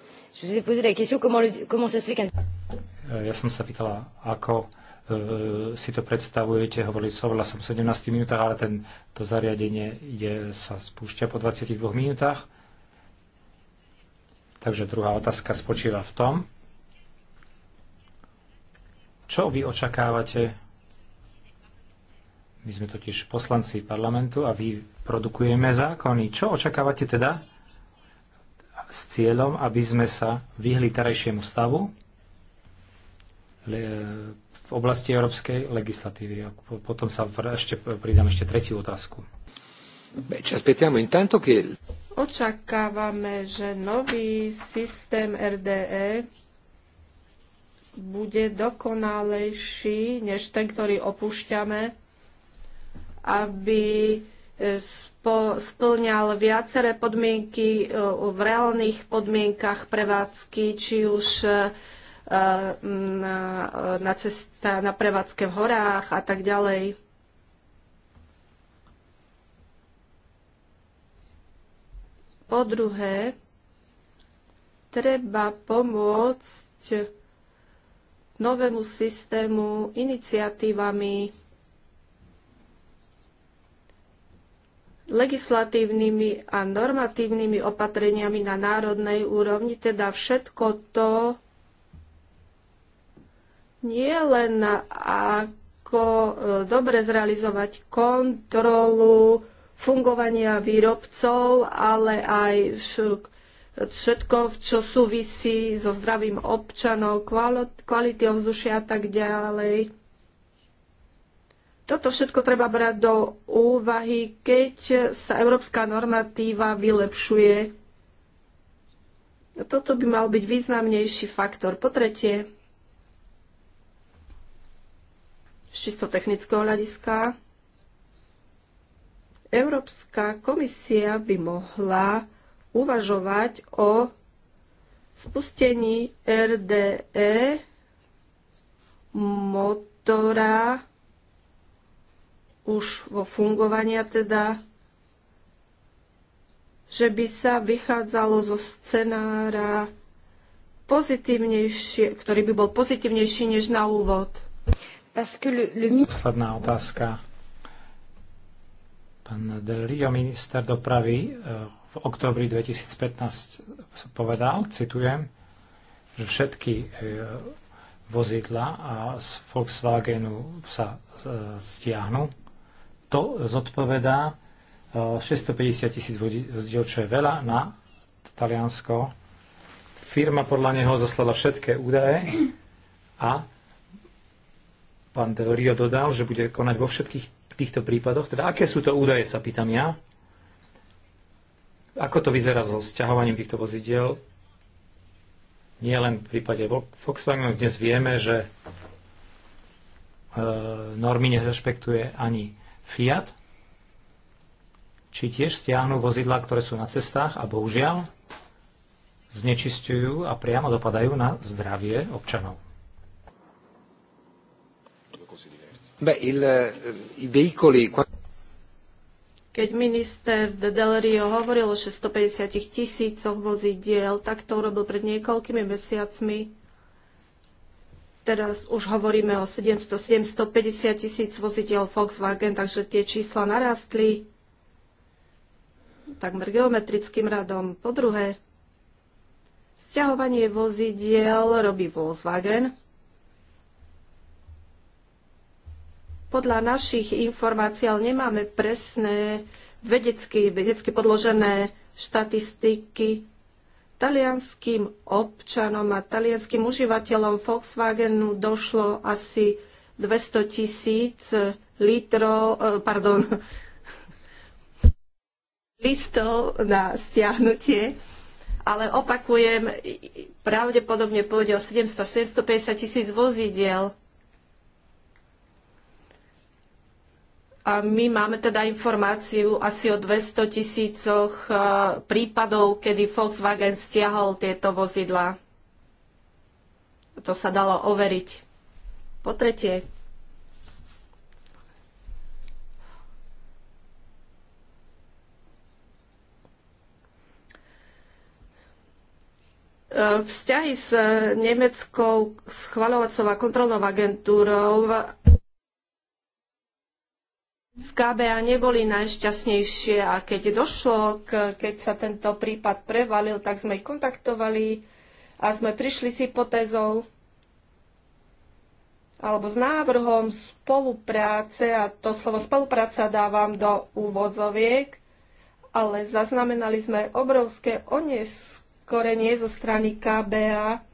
Speaker 2: ja som sa pýtala, ako eh, si to predstavujete, hovorili hovorila som 17 minútach, ale ten, to zariadenie je, sa spúšťa po 22 minútach. Takže druhá otázka spočíva v tom, čo vy očakávate? My sme totiž poslanci parlamentu a vy produkujeme zákony. Čo očakávate teda s cieľom, aby sme sa vyhli terajšiemu stavu v oblasti európskej legislatívy? Potom sa ešte, pridám ešte tretiu otázku.
Speaker 1: Očakávame, že nový systém RDE bude dokonalejší než ten, ktorý opúšťame, aby e, splňal viaceré podmienky e, v reálnych podmienkach prevádzky, či už e, na, cesta, na prevádzke v horách a tak ďalej. Po druhé, treba pomôcť novému systému iniciatívami, legislatívnymi a normatívnymi opatreniami na národnej úrovni, teda všetko to nie len ako e, dobre zrealizovať kontrolu fungovania výrobcov, ale aj všetko, čo súvisí so zdravím občanov, kvality ovzdušia a tak ďalej. Toto všetko treba brať do úvahy, keď sa európska normatíva vylepšuje. Toto by mal byť významnejší faktor. Po tretie, z čisto technického hľadiska, Európska komisia by mohla uvažovať o spustení RDE motora už vo fungovania teda, že by sa vychádzalo zo scenára pozitívnejšie, ktorý by bol pozitívnejší než na úvod. Posledná
Speaker 2: otázka. Pán Del Rio, minister dopravy, eh, v oktobri 2015 povedal, citujem, že všetky e, vozidla a z Volkswagenu sa e, stiahnu. To zodpovedá 650 e, tisíc vozidel, čo je veľa na Taliansko. Firma podľa neho zaslala všetké údaje a pán Del Rio dodal, že bude konať vo všetkých týchto prípadoch. Teda aké sú to údaje, sa pýtam ja. Ako to vyzerá so sťahovaním týchto vozidiel? Nie len v prípade Volkswagenu. Dnes vieme, že e, normy nerešpektuje ani Fiat, či tiež stiahnu vozidlá, ktoré sú na cestách a bohužiaľ znečistujú a priamo dopadajú na zdravie občanov.
Speaker 3: Beh, il, eh, i veicoli...
Speaker 1: Keď minister de Del Rio hovoril o 650 tisícoch vozidiel, tak to urobil pred niekoľkými mesiacmi. Teraz už hovoríme o 700-750 tisíc vozidiel Volkswagen, takže tie čísla narastli takmer geometrickým radom. Po druhé, sťahovanie vozidiel robí Volkswagen – Podľa našich informácií, ale nemáme presné vedecky, vedecky podložené štatistiky talianským občanom a talianským užívateľom Volkswagenu došlo asi 200 tisíc litrov, e, pardon, listov na stiahnutie, ale opakujem, pravdepodobne pôjde o 700-750 tisíc vozidiel. A my máme teda informáciu asi o 200 tisícoch eh, prípadov, kedy Volkswagen stiahol tieto vozidla. To sa dalo overiť. Po tretie, eh, Vzťahy s nemeckou schvalovacou a kontrolnou agentúrou v KBA neboli najšťastnejšie a keď došlo, k, keď sa tento prípad prevalil, tak sme ich kontaktovali a sme prišli s hypotézou alebo s návrhom spolupráce, a to slovo spolupráca dávam do úvodzoviek, ale zaznamenali sme obrovské oneskorenie zo strany KBA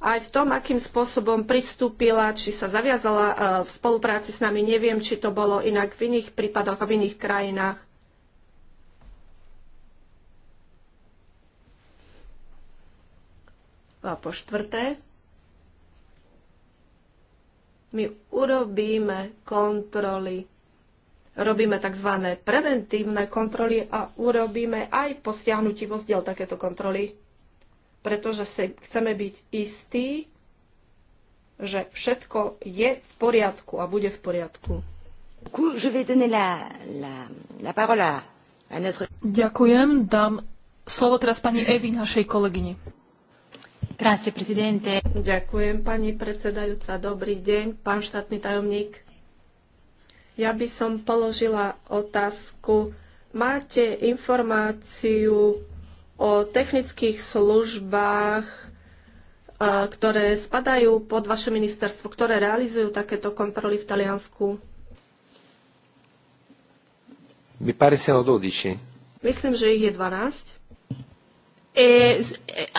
Speaker 1: aj v tom, akým spôsobom pristúpila, či sa zaviazala e, v spolupráci s nami. Neviem, či to bolo inak v iných prípadoch, a v iných krajinách. A po štvrté, my urobíme kontroly. Robíme tzv. preventívne kontroly a urobíme aj po stiahnutí vozdiel takéto kontroly pretože si chceme byť istí, že všetko je v poriadku a bude v poriadku. Ďakujem.
Speaker 4: Dám slovo teraz pani Evi, našej kolegyni. Grazie,
Speaker 1: Ďakujem, pani predsedajúca. Dobrý deň, pán štátny tajomník. Ja by som položila otázku. Máte informáciu o technických službách, ktoré spadajú pod vaše ministerstvo, ktoré realizujú takéto kontroly v Taliansku?
Speaker 3: Mi pare siano 12.
Speaker 1: Myslím, že ich je 12. E, e,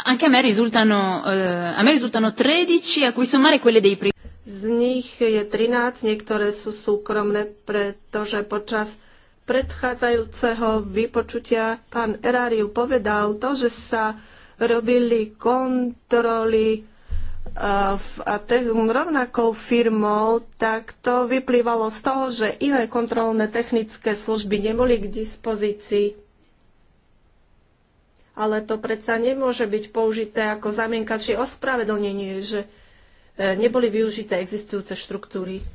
Speaker 1: anche a me risultano, uh, a me risultano 13, a cui sommare quelle dei privati. Z nich je 13, niektoré sú súkromné, pretože počas predchádzajúceho vypočutia pán Eráriu povedal to, že sa robili kontroly e, a rovnakou firmou, tak to vyplývalo z toho, že iné kontrolné technické služby neboli k dispozícii. Ale to predsa nemôže byť použité ako zamienka či ospravedlnenie, že e, neboli využité existujúce štruktúry.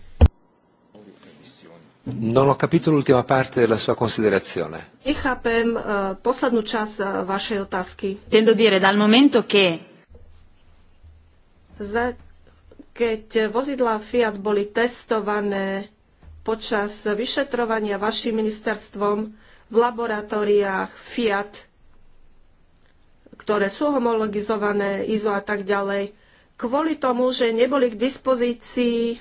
Speaker 3: Non ho capito l'ultima parte della sua considerazione.
Speaker 1: Nechápem uh, eh, poslednú časť uh, vašej otázky. Tendo dire dal momento che Za, keď vozidla Fiat boli testované počas vyšetrovania vašim ministerstvom v laboratóriách Fiat, ktoré sú homologizované, ISO a tak ďalej, kvôli tomu, že neboli k dispozícii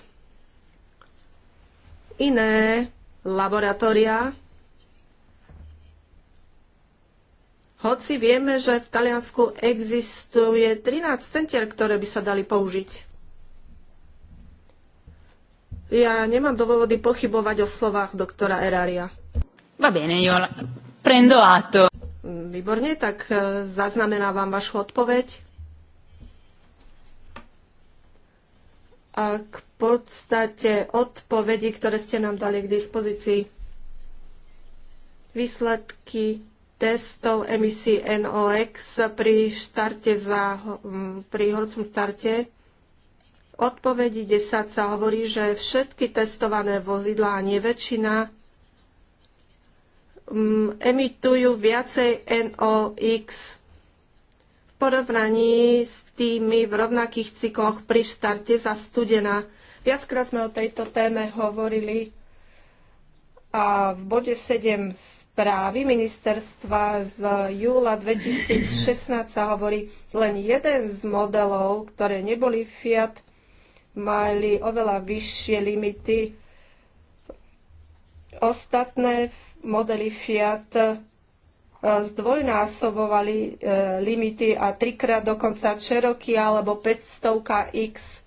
Speaker 1: iné laboratória, hoci vieme, že v Taliansku existuje 13 centier, ktoré by sa dali použiť. Ja nemám dôvody pochybovať o slovách doktora Eraria. Va bene, io prendo atto. Výborne, tak eh, zaznamenávam vašu odpoveď. a k podstate odpovedí, ktoré ste nám dali k dispozícii. Výsledky testov emisí NOx pri štarte za, pri horcom štarte. V odpovedi 10 sa hovorí, že všetky testované vozidlá, a nie väčšina, emitujú viacej NOx porovnaní s tými v rovnakých cykloch pri štarte za studená. Viackrát sme o tejto téme hovorili a v bode 7 správy ministerstva z júla 2016 sa hovorí, len jeden z modelov, ktoré neboli Fiat, mali oveľa vyššie limity. Ostatné modely Fiat E, zdvojnásobovali e, limity a trikrát dokonca Čeroky alebo 500X.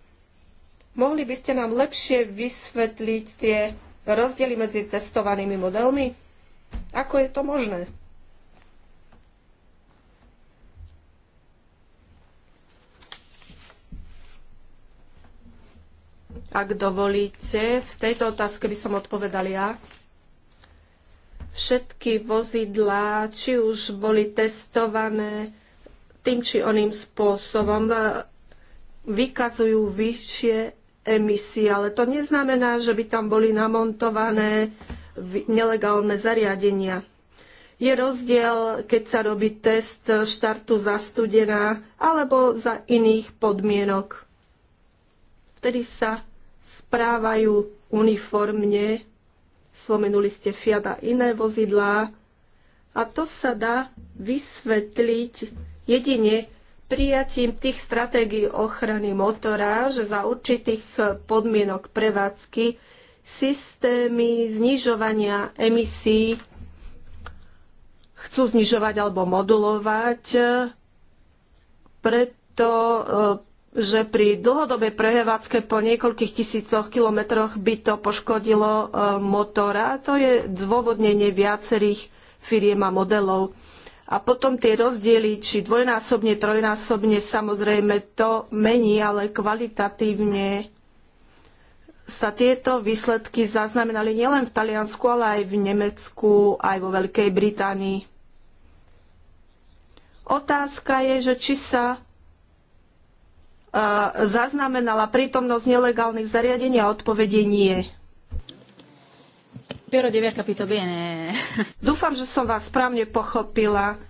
Speaker 1: Mohli by ste nám lepšie vysvetliť tie rozdiely medzi testovanými modelmi? Ako je to možné? Ak dovolíte, v tejto otázke by som odpovedal ja všetky vozidlá, či už boli testované tým či oným spôsobom, e, vykazujú vyššie emisie, ale to neznamená, že by tam boli namontované nelegálne zariadenia. Je rozdiel, keď sa robí test štartu za studená alebo za iných podmienok. Vtedy sa správajú uniformne spomenuli ste Fiat a iné vozidlá. A to sa dá vysvetliť jedine prijatím tých stratégií ochrany motora, že za určitých eh, podmienok prevádzky systémy znižovania emisí chcú znižovať alebo modulovať. Eh, preto eh, že pri dlhodobej prevádzke po niekoľkých tisícoch kilometroch by to poškodilo e, motora. To je dôvodnenie viacerých firiem a modelov. A potom tie rozdiely, či dvojnásobne, trojnásobne, samozrejme to mení, ale kvalitatívne sa tieto výsledky zaznamenali nielen v Taliansku, ale aj v Nemecku, aj vo Veľkej Británii. Otázka je, že či sa zaznamenala prítomnosť nelegálnych zariadení a odpovede nie. bene. Eh. Dúfam, že som vás správne pochopila.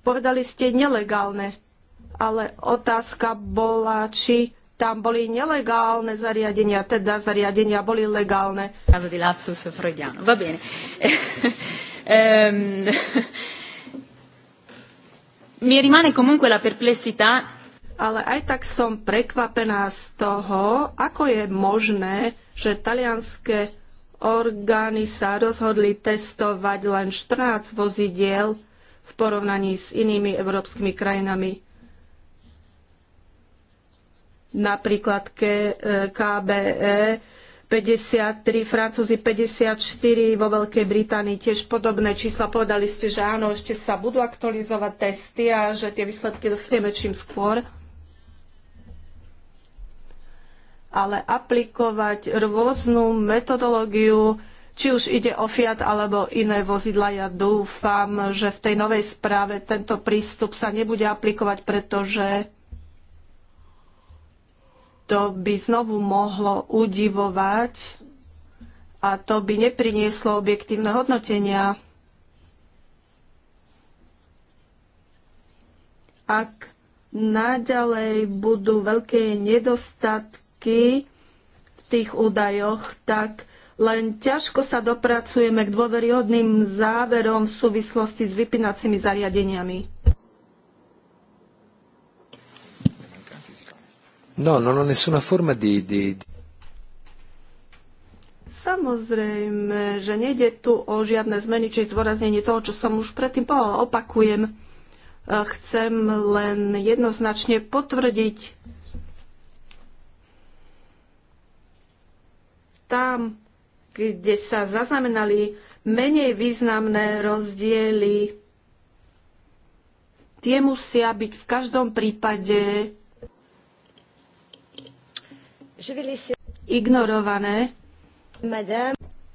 Speaker 1: Povedali ste nelegálne, ale otázka bola, či tam boli nelegálne zariadenia, teda zariadenia boli legálne. Caso di lapsus freudiano. Va bene. ehm mi rimane comunque la perplessità ale aj tak som prekvapená z toho, ako je možné, že talianské orgány sa rozhodli testovať len 14 vozidiel v porovnaní s inými európskymi krajinami. Napríklad KBE 53, Francúzi 54, vo Veľkej Británii tiež podobné čísla. Povedali ste, že áno, ešte sa budú aktualizovať testy a že tie výsledky dostaneme čím skôr. Ale aplikovať rôznu metodológiu, či už ide o Fiat alebo iné vozidla, ja dúfam, že v tej novej správe tento prístup sa nebude aplikovať, pretože to by znovu mohlo udivovať a to by neprinieslo objektívne hodnotenia. Ak naďalej budú veľké nedostatky v tých údajoch, tak len ťažko sa dopracujeme k dôveryhodným záverom v súvislosti s vypínacími zariadeniami.
Speaker 3: No, non ho nessuna forma di... di...
Speaker 1: Samozrejme, že nejde tu o žiadne zmeny či zdôraznenie toho, čo som už predtým povedala. Opakujem, eh, chcem len jednoznačne potvrdiť tam, kde sa zaznamenali menej významné rozdiely, tie musia byť v každom prípade ignorované.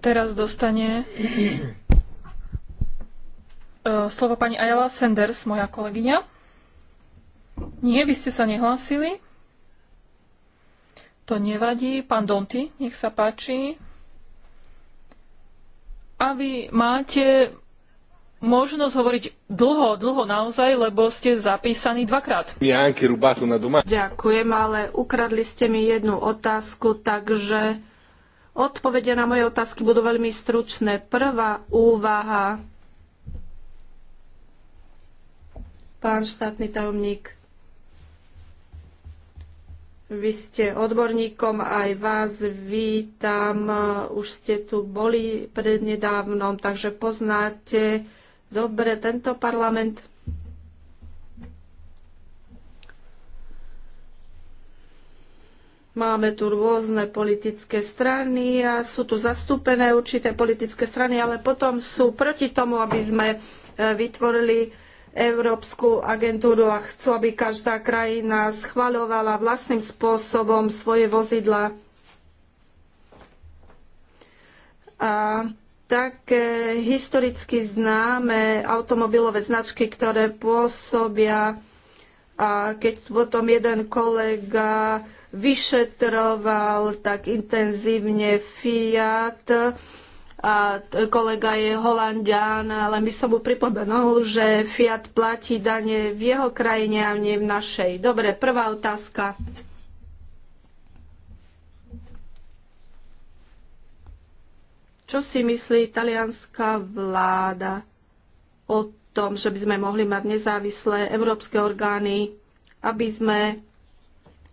Speaker 1: Teraz dostane
Speaker 4: e, slovo pani Ayala Sanders, moja kolegyňa. Nie, vy ste sa nehlásili. To nevadí. Pán Donty, nech sa páči. A vy máte možnosť hovoriť dlho, dlho naozaj, lebo
Speaker 1: ste zapísaní dvakrát. Ďakujem, ale ukradli ste mi jednu otázku, takže odpovede na moje otázky budú veľmi stručné. Prvá úvaha. Pán štátny tajomník, vy ste odborníkom, aj vás vítam. Už ste tu boli prednedávnom, takže poznáte dobre tento parlament Máme tu rôzne politické strany a sú tu zastúpené určité politické strany, ale potom sú proti tomu, aby sme e, vytvorili Európsku agentúru a chcú, aby každá krajina schvaľovala vlastným spôsobom svoje vozidla. A také historicky známe automobilové značky, ktoré pôsobia a keď potom jeden kolega vyšetroval tak intenzívne Fiat a kolega je holandian, ale my som mu pripomenul, že Fiat platí dane v jeho krajine a nie v našej. Dobre, prvá otázka. Čo si myslí talianská vláda o tom, že by sme mohli mať nezávislé európske orgány, aby sme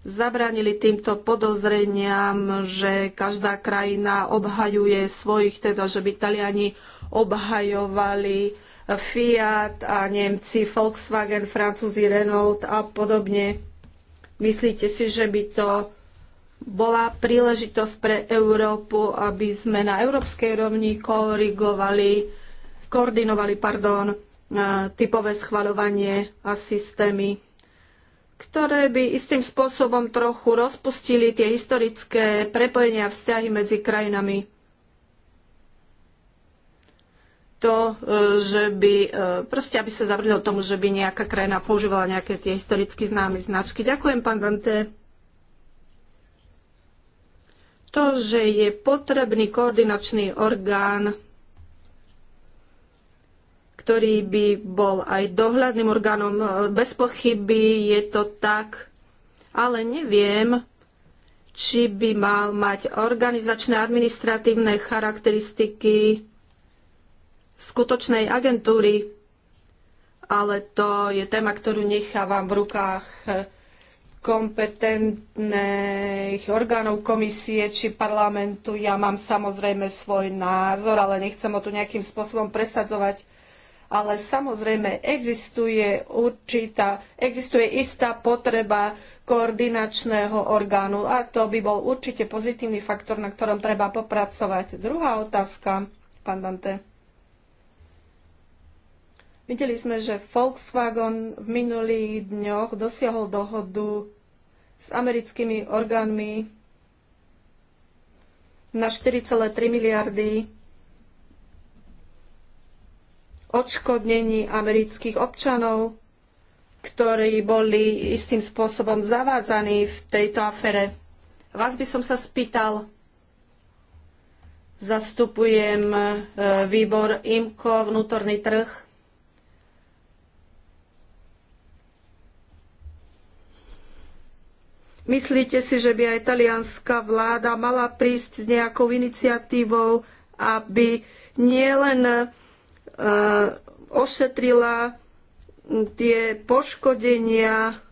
Speaker 1: zabranili týmto podozreniam, že každá krajina obhajuje svojich, teda že by Taliani obhajovali Fiat a Nemci Volkswagen, Francúzi Renault a podobne. Myslíte si, že by to bola príležitosť pre Európu, aby sme na európskej rovni korigovali, koordinovali pardon, e, typové schvaľovanie a systémy, ktoré by istým spôsobom trochu rozpustili tie historické prepojenia a vzťahy medzi krajinami. To, e, že by, e, proste aby sa zavrilo tomu, že by nejaká krajina používala nejaké tie historicky známe značky. Ďakujem, pán Dante to, že je potrebný koordinačný orgán, ktorý by bol aj dohľadným orgánom. E, bez pochyby je to tak, ale neviem, či by mal mať organizačné administratívne charakteristiky skutočnej agentúry, ale to je téma, ktorú nechávam v rukách kompetentných orgánov komisie či parlamentu. Ja mám samozrejme svoj názor, ale nechcem ho tu nejakým spôsobom presadzovať. Ale samozrejme existuje určitá, existuje istá potreba koordinačného orgánu a to by bol určite pozitívny faktor, na ktorom treba popracovať. Druhá otázka, pán Dante. Videli sme, že Volkswagen v minulých dňoch dosiahol dohodu s americkými orgánmi na 4,3 miliardy odškodnení amerických občanov, ktorí boli istým spôsobom zavádzaní v tejto afere. Vás by som sa spýtal, zastupujem e, výbor IMCO vnútorný trh, Myslíte si, že by aj talianská vláda mala prísť s nejakou iniciatívou, aby nielen e, ošetrila tie poškodenia,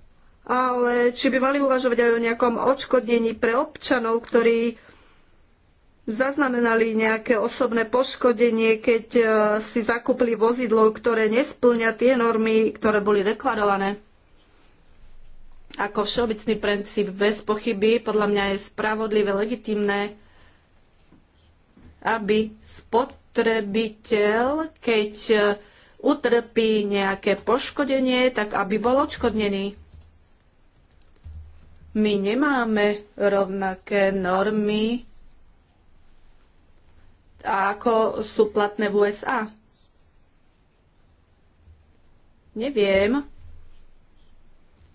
Speaker 1: ale či by mali uvažovať aj o nejakom odškodnení pre občanov, ktorí zaznamenali nejaké osobné poškodenie, keď e, si zakúpili vozidlo, ktoré nesplňa tie normy, ktoré boli deklarované? ako všeobecný princíp bez pochyby podľa mňa je spravodlivé, legitimné, aby spotrebiteľ, keď e, utrpí nejaké poškodenie, tak aby bol odškodnený. My nemáme rovnaké normy, ako sú platné v USA. Neviem,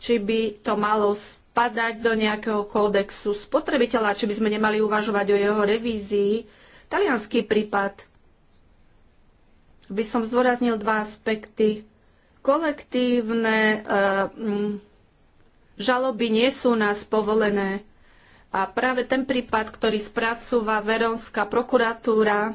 Speaker 1: či by to malo spadať do nejakého kódexu spotrebiteľa, či by sme nemali uvažovať o jeho revízii. Talianský prípad by som zdôraznil dva aspekty. Kolektívne e, m, žaloby nie sú nás povolené a práve ten prípad, ktorý spracúva Veronská prokuratúra,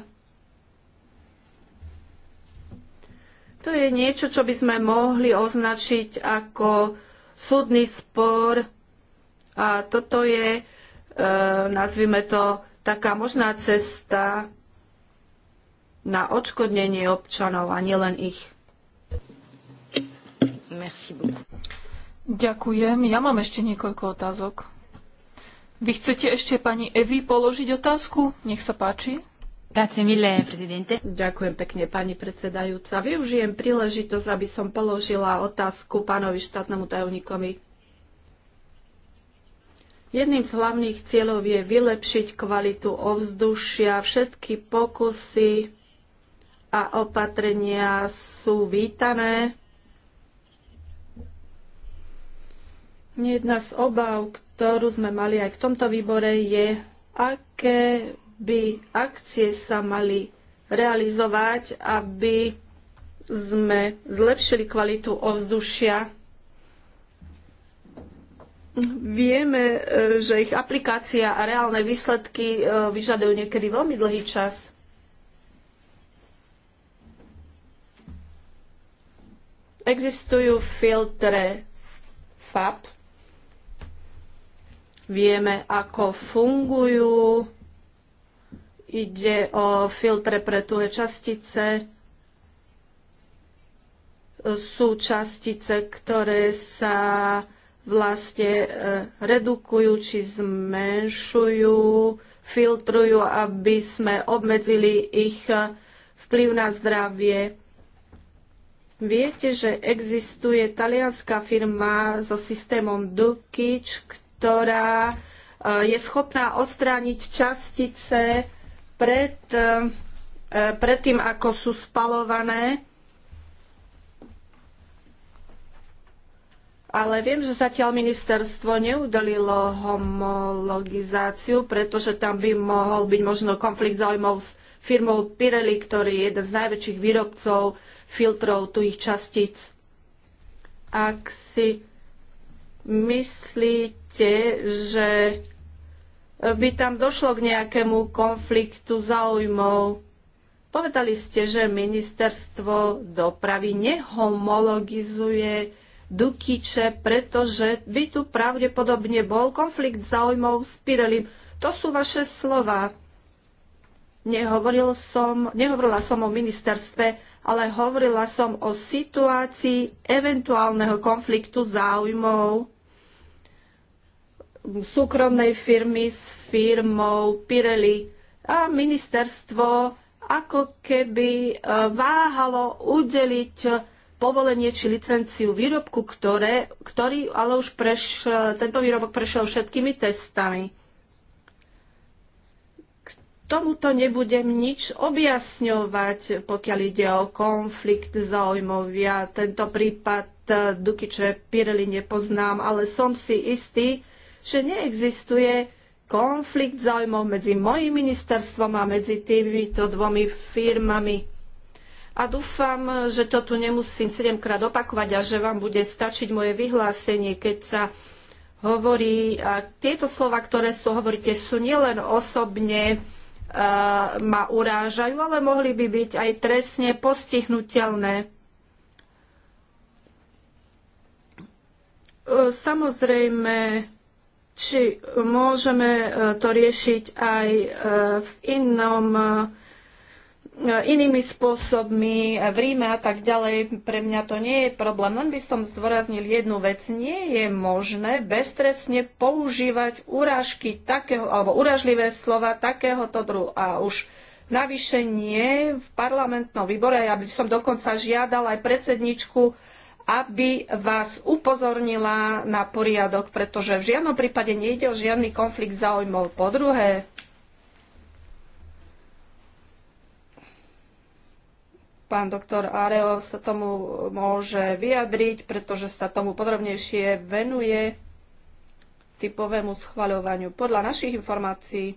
Speaker 1: to je niečo, čo by sme mohli označiť ako súdny spor a toto je, e, nazvime to, taká možná cesta na odškodnenie občanov a nielen ich. Merci Ďakujem. Ja mám ešte niekoľko otázok. Vy chcete ešte pani Evi položiť otázku? Nech sa páči. Ďakujem pekne, pani predsedajúca. Využijem príležitosť, aby som položila otázku pánovi štátnemu tajomníkovi. Jedným z hlavných cieľov je vylepšiť kvalitu ovzdušia. Všetky pokusy a opatrenia sú vítané. Jedna z obav, ktorú sme mali aj v tomto výbore, je, aké by akcie sa mali realizovať, aby sme zlepšili kvalitu ovzdušia. Vieme, e, že ich aplikácia a reálne výsledky e, vyžadujú niekedy veľmi dlhý čas. Existujú filtre FAP. Vieme, ako fungujú Ide o filtre pre tuhé častice. Sú častice, ktoré sa vlastne e, redukujú či zmenšujú, filtrujú, aby sme obmedzili ich e, vplyv na zdravie. Viete, že existuje talianská firma so systémom Dukic, ktorá e, je schopná odstrániť častice, pred, e, e, pred tým, ako sú spalované. Ale viem, že zatiaľ ministerstvo neudelilo homologizáciu, pretože tam by mohol byť možno konflikt záujmov s firmou Pirelli, ktorý je jeden z najväčších výrobcov filtrov tuhých častíc. Ak si myslíte, že by tam došlo k nejakému konfliktu záujmov. Povedali ste, že ministerstvo dopravy nehomologizuje Dukiče, pretože by tu pravdepodobne bol konflikt záujmov s Pirelim. To sú vaše slova. Nehovoril som, nehovorila som o ministerstve, ale hovorila som o situácii eventuálneho konfliktu záujmov súkromnej firmy s firmou Pirelli a ministerstvo ako keby e, váhalo udeliť povolenie či licenciu výrobku, ktoré, ktorý ale už prešiel, tento výrobok prešiel všetkými testami. K tomuto nebudem nič objasňovať, pokiaľ ide o konflikt zaujímav. Ja tento prípad e, Dukiče Pirelli nepoznám, ale som si istý, že neexistuje konflikt záujmov medzi mojim ministerstvom a medzi týmito dvomi firmami. A dúfam, že to tu nemusím sedemkrát opakovať a že vám bude stačiť moje vyhlásenie, keď sa hovorí, a tieto slova, ktoré sú hovoríte, sú nielen osobne uh, ma urážajú, ale mohli by byť aj trestne postihnutelné. E, samozrejme, či môžeme eh, to riešiť aj eh, v inom eh, inými spôsobmi, v Ríme a tak ďalej. Pre mňa to nie je problém. Len by som zdôraznil jednu vec. Nie je možné beztrestne používať urážky takého, alebo uražlivé slova takéhoto druhu. A už nie v parlamentnom výbore, ja by som dokonca žiadal aj predsedničku aby vás upozornila na poriadok, pretože v žiadnom prípade nejde o žiadny konflikt záujmov. Po druhé, pán doktor Areo sa tomu môže vyjadriť, pretože sa tomu podrobnejšie venuje typovému schvaľovaniu. Podľa našich informácií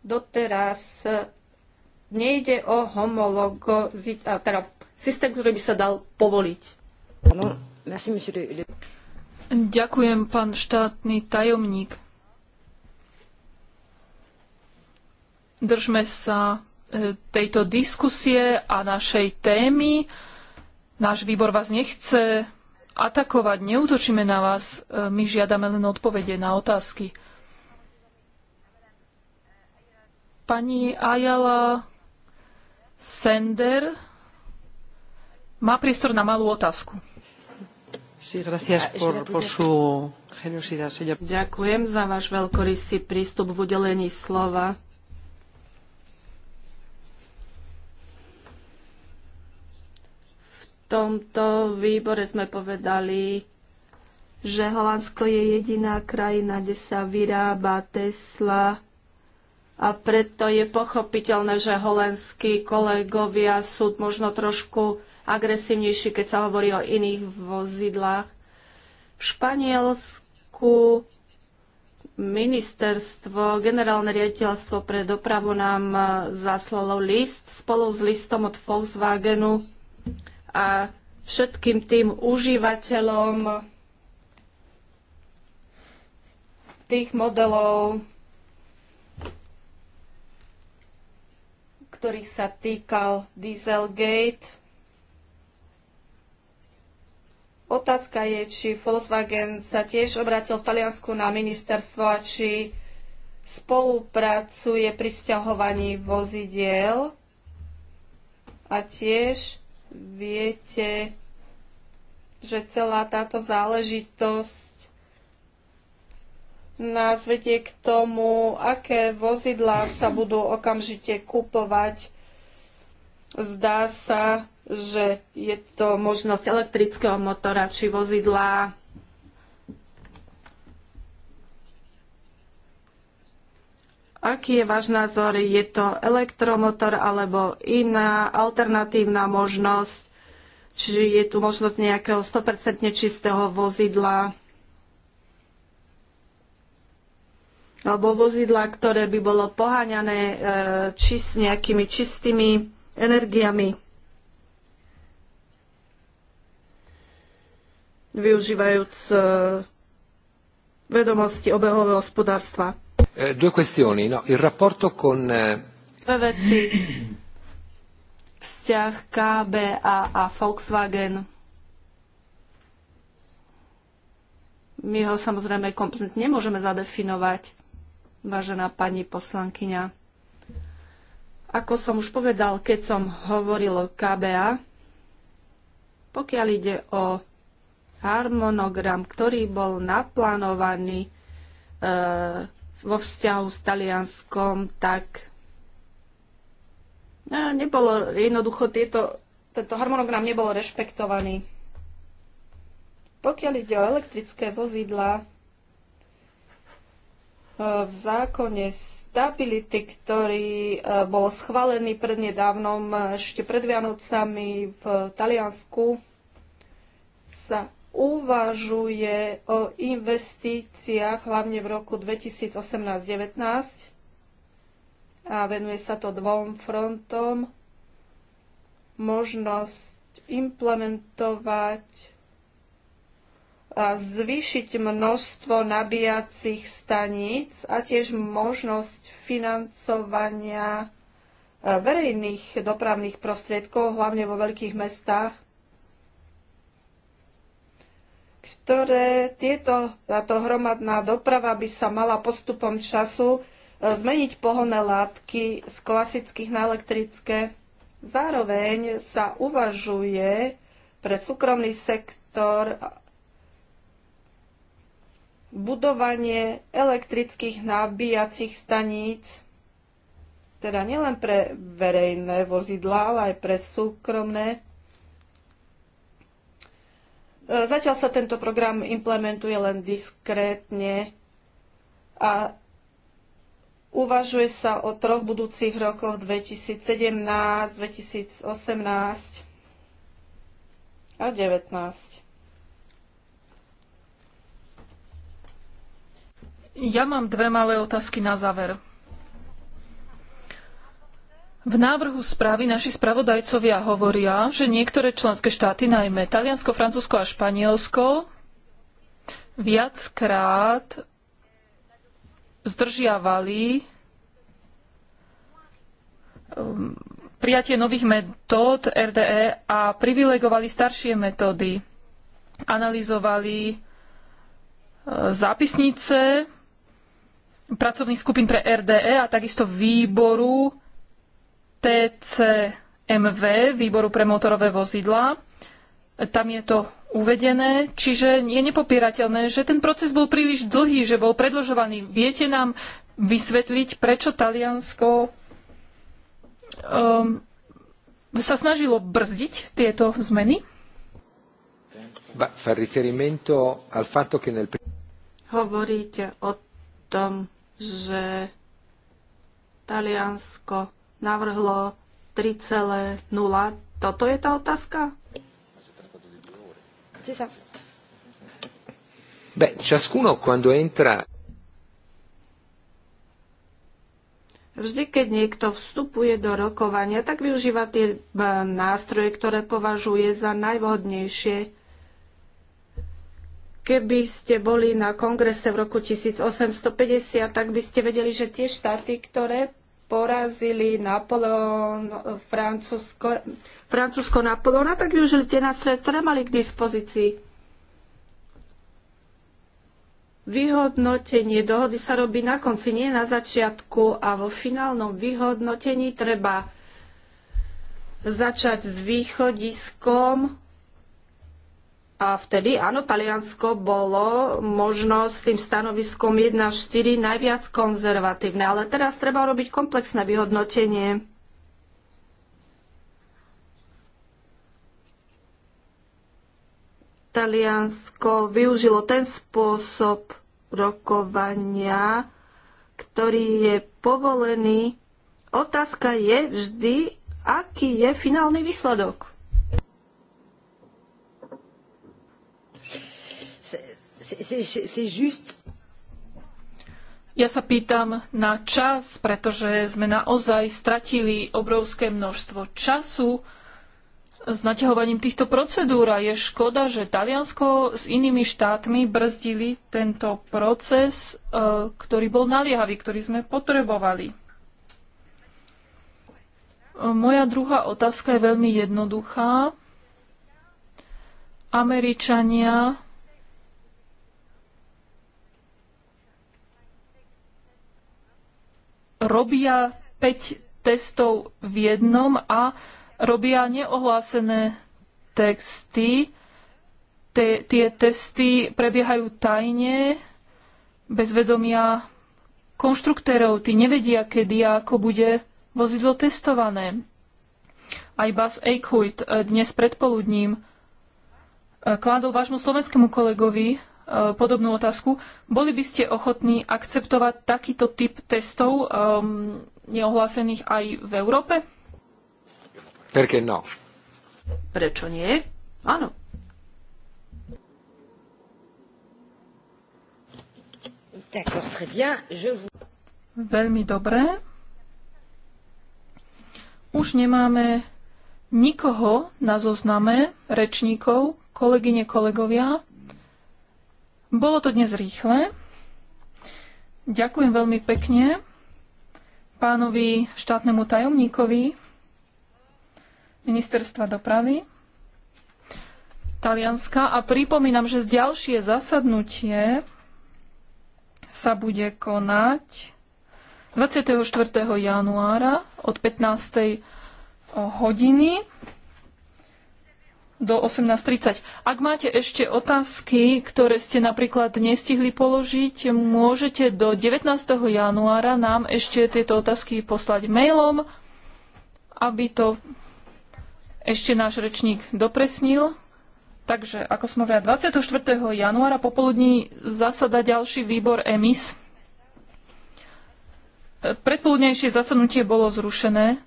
Speaker 1: doteraz nejde o homologo, teda systém, ktorý by sa dal povoliť. No,
Speaker 4: Ďakujem, pán štátny tajomník. Držme sa e, tejto diskusie a našej témy. Náš výbor vás nechce atakovať, neútočíme na vás, e, my žiadame len odpovede na otázky. Pani Ayala Sender má priestor na malú otázku.
Speaker 1: Ah, Ďakujem za váš veľkorysý prístup v udelení slova. V tomto výbore sme povedali, že Holandsko je jediná krajina, kde sa vyrába Tesla a preto je pochopiteľné, že holandskí kolegovia sú možno trošku agresívnejší, keď sa hovorí o iných vozidlách. V Španielsku ministerstvo, generálne riaditeľstvo pre dopravu nám eh, zaslalo list spolu s listom od Volkswagenu a všetkým tým užívateľom tých modelov, ktorých sa týkal Dieselgate, Otázka je, či Volkswagen sa tiež obrátil v Taliansku na ministerstvo a či spolupracuje pri stiahovaní vozidiel. A tiež viete, že celá táto záležitosť nás vedie k tomu, aké vozidlá sa budú okamžite kupovať. Zdá sa, že je to možnosť elektrického motora či vozidla. Aký je váš názor? Je to elektromotor alebo iná alternatívna možnosť? Či je tu možnosť nejakého 100% čistého vozidla? Alebo vozidla, ktoré by bolo poháňané e, či s nejakými čistými energiami? využívajúc eh, vedomosti obehového hospodárstva.
Speaker 3: Eh, due questioni, no, il rapporto con... Eh,
Speaker 1: Dve veci. Vzťah KBA a Volkswagen. My ho samozrejme kompletne nemôžeme zadefinovať, vážená pani poslankyňa. Ako som už povedal, keď som hovoril o KBA, pokiaľ ide o harmonogram, ktorý bol naplánovaný e, vo vzťahu s Talianskom, tak e, nebolo jednoducho tieto, tento harmonogram nebol rešpektovaný. Pokiaľ ide o elektrické vozidla, e, v zákone stability, ktorý e, bol schválený prednedávnom e, ešte pred Vianocami v Taliansku, sa uvažuje o investíciách hlavne v roku 2018-19 a venuje sa to dvom frontom. Možnosť implementovať a zvýšiť množstvo nabíjacích staníc a tiež možnosť financovania e, verejných dopravných prostriedkov, hlavne vo veľkých mestách, ktoré tieto, táto hromadná doprava by sa mala postupom času e, zmeniť pohonné látky z klasických na elektrické. Zároveň sa uvažuje pre súkromný sektor budovanie elektrických nabíjacích staníc, teda nielen pre verejné vozidlá, ale aj pre súkromné E, zatiaľ sa tento program implementuje len diskrétne a uvažuje sa o troch budúcich rokoch 2017, 2018 a 2019. Ja
Speaker 4: mám dve malé otázky na záver. V návrhu správy naši spravodajcovia hovoria, že niektoré členské štáty, najmä Taliansko, Francúzsko a Španielsko, viackrát zdržiavali um, prijatie nových metód RDE a privilegovali staršie metódy. Analyzovali uh, zápisnice pracovných skupín pre RDE a takisto výboru TCMV, Výboru pre motorové vozidlá. Tam je to uvedené, čiže je nepopierateľné, že ten proces bol príliš dlhý, že bol predlžovaný. Viete nám vysvetliť, prečo Taliansko um, sa snažilo brzdiť tieto zmeny?
Speaker 1: Hovoríte o tom, že Taliansko navrhlo 3,0. Toto je tá otázka?
Speaker 3: Beh, ciascuno quando entra
Speaker 1: Vždy, keď niekto vstupuje do rokovania, tak využíva tie e, nástroje, ktoré považuje za najvhodnejšie. Keby ste boli na kongrese v roku 1850, tak by ste vedeli, že tie štáty, ktoré porazili Napoleon, Francúzsko, Francúzsko Napoleona, tak využili tie nástroje, ktoré mali k dispozícii. Vyhodnotenie dohody sa robí na konci, nie na začiatku a vo finálnom vyhodnotení treba začať s východiskom, a vtedy, áno, Taliansko bolo možno s tým stanoviskom 1-4 najviac konzervatívne, ale teraz treba robiť komplexné vyhodnotenie. Taliansko využilo ten spôsob rokovania, ktorý je povolený. Otázka je vždy, aký je finálny výsledok. c'est juste.
Speaker 4: Ja sa pýtam na čas, pretože sme naozaj stratili obrovské množstvo času s naťahovaním týchto procedúr a je škoda, že Taliansko s inými štátmi brzdili tento proces, e, ktorý bol naliehavý, ktorý sme potrebovali. E, moja druhá otázka je veľmi jednoduchá. Američania robia 5 testov v jednom a robia neohlásené texty. Te, tie testy prebiehajú tajne, bez vedomia konštruktérov. Tí nevedia, kedy a ako bude vozidlo testované. Aj Bas Eichhut dnes predpoludním eh, kladol vášmu slovenskému kolegovi E, podobnú otázku. Boli by ste ochotní akceptovať takýto typ testov um, neohlásených aj v Európe?
Speaker 3: Perché no?
Speaker 1: Prečo nie? Áno. D'accord, très bien. Je vous...
Speaker 4: Veľmi dobré. Už nemáme nikoho na zozname rečníkov, kolegyne, kolegovia. Bolo to dnes rýchle. Ďakujem veľmi pekne pánovi štátnemu tajomníkovi ministerstva dopravy Talianska a pripomínam, že ďalšie zasadnutie sa bude konať 24. januára od 15. hodiny do 18.30. Ak máte ešte otázky, ktoré ste napríklad nestihli položiť, môžete do 19. januára nám ešte tieto otázky poslať mailom, aby to ešte náš rečník dopresnil. Takže, ako som hovorila, 24. januára popoludní zasada ďalší výbor EMIS. Predpoludnejšie zasadnutie bolo zrušené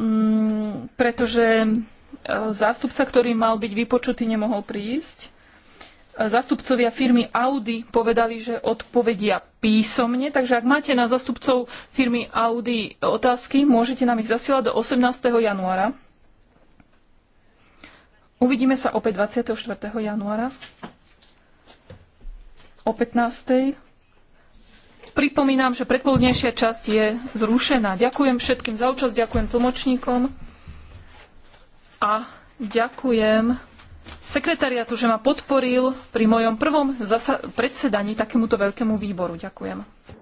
Speaker 4: Mm, pretože e, zástupca, ktorý mal byť vypočutý, nemohol prísť. E, zástupcovia firmy Audi povedali, že odpovedia písomne, takže ak máte na zástupcov firmy Audi otázky, môžete nám ich zasielať do 18. januára. Uvidíme sa opäť 24. januára o 15. Pripomínam, že predpoludnejšia časť je zrušená. Ďakujem všetkým za účasť, ďakujem tlmočníkom a ďakujem sekretariatu, že ma podporil pri mojom prvom predsedaní takémuto veľkému výboru. Ďakujem.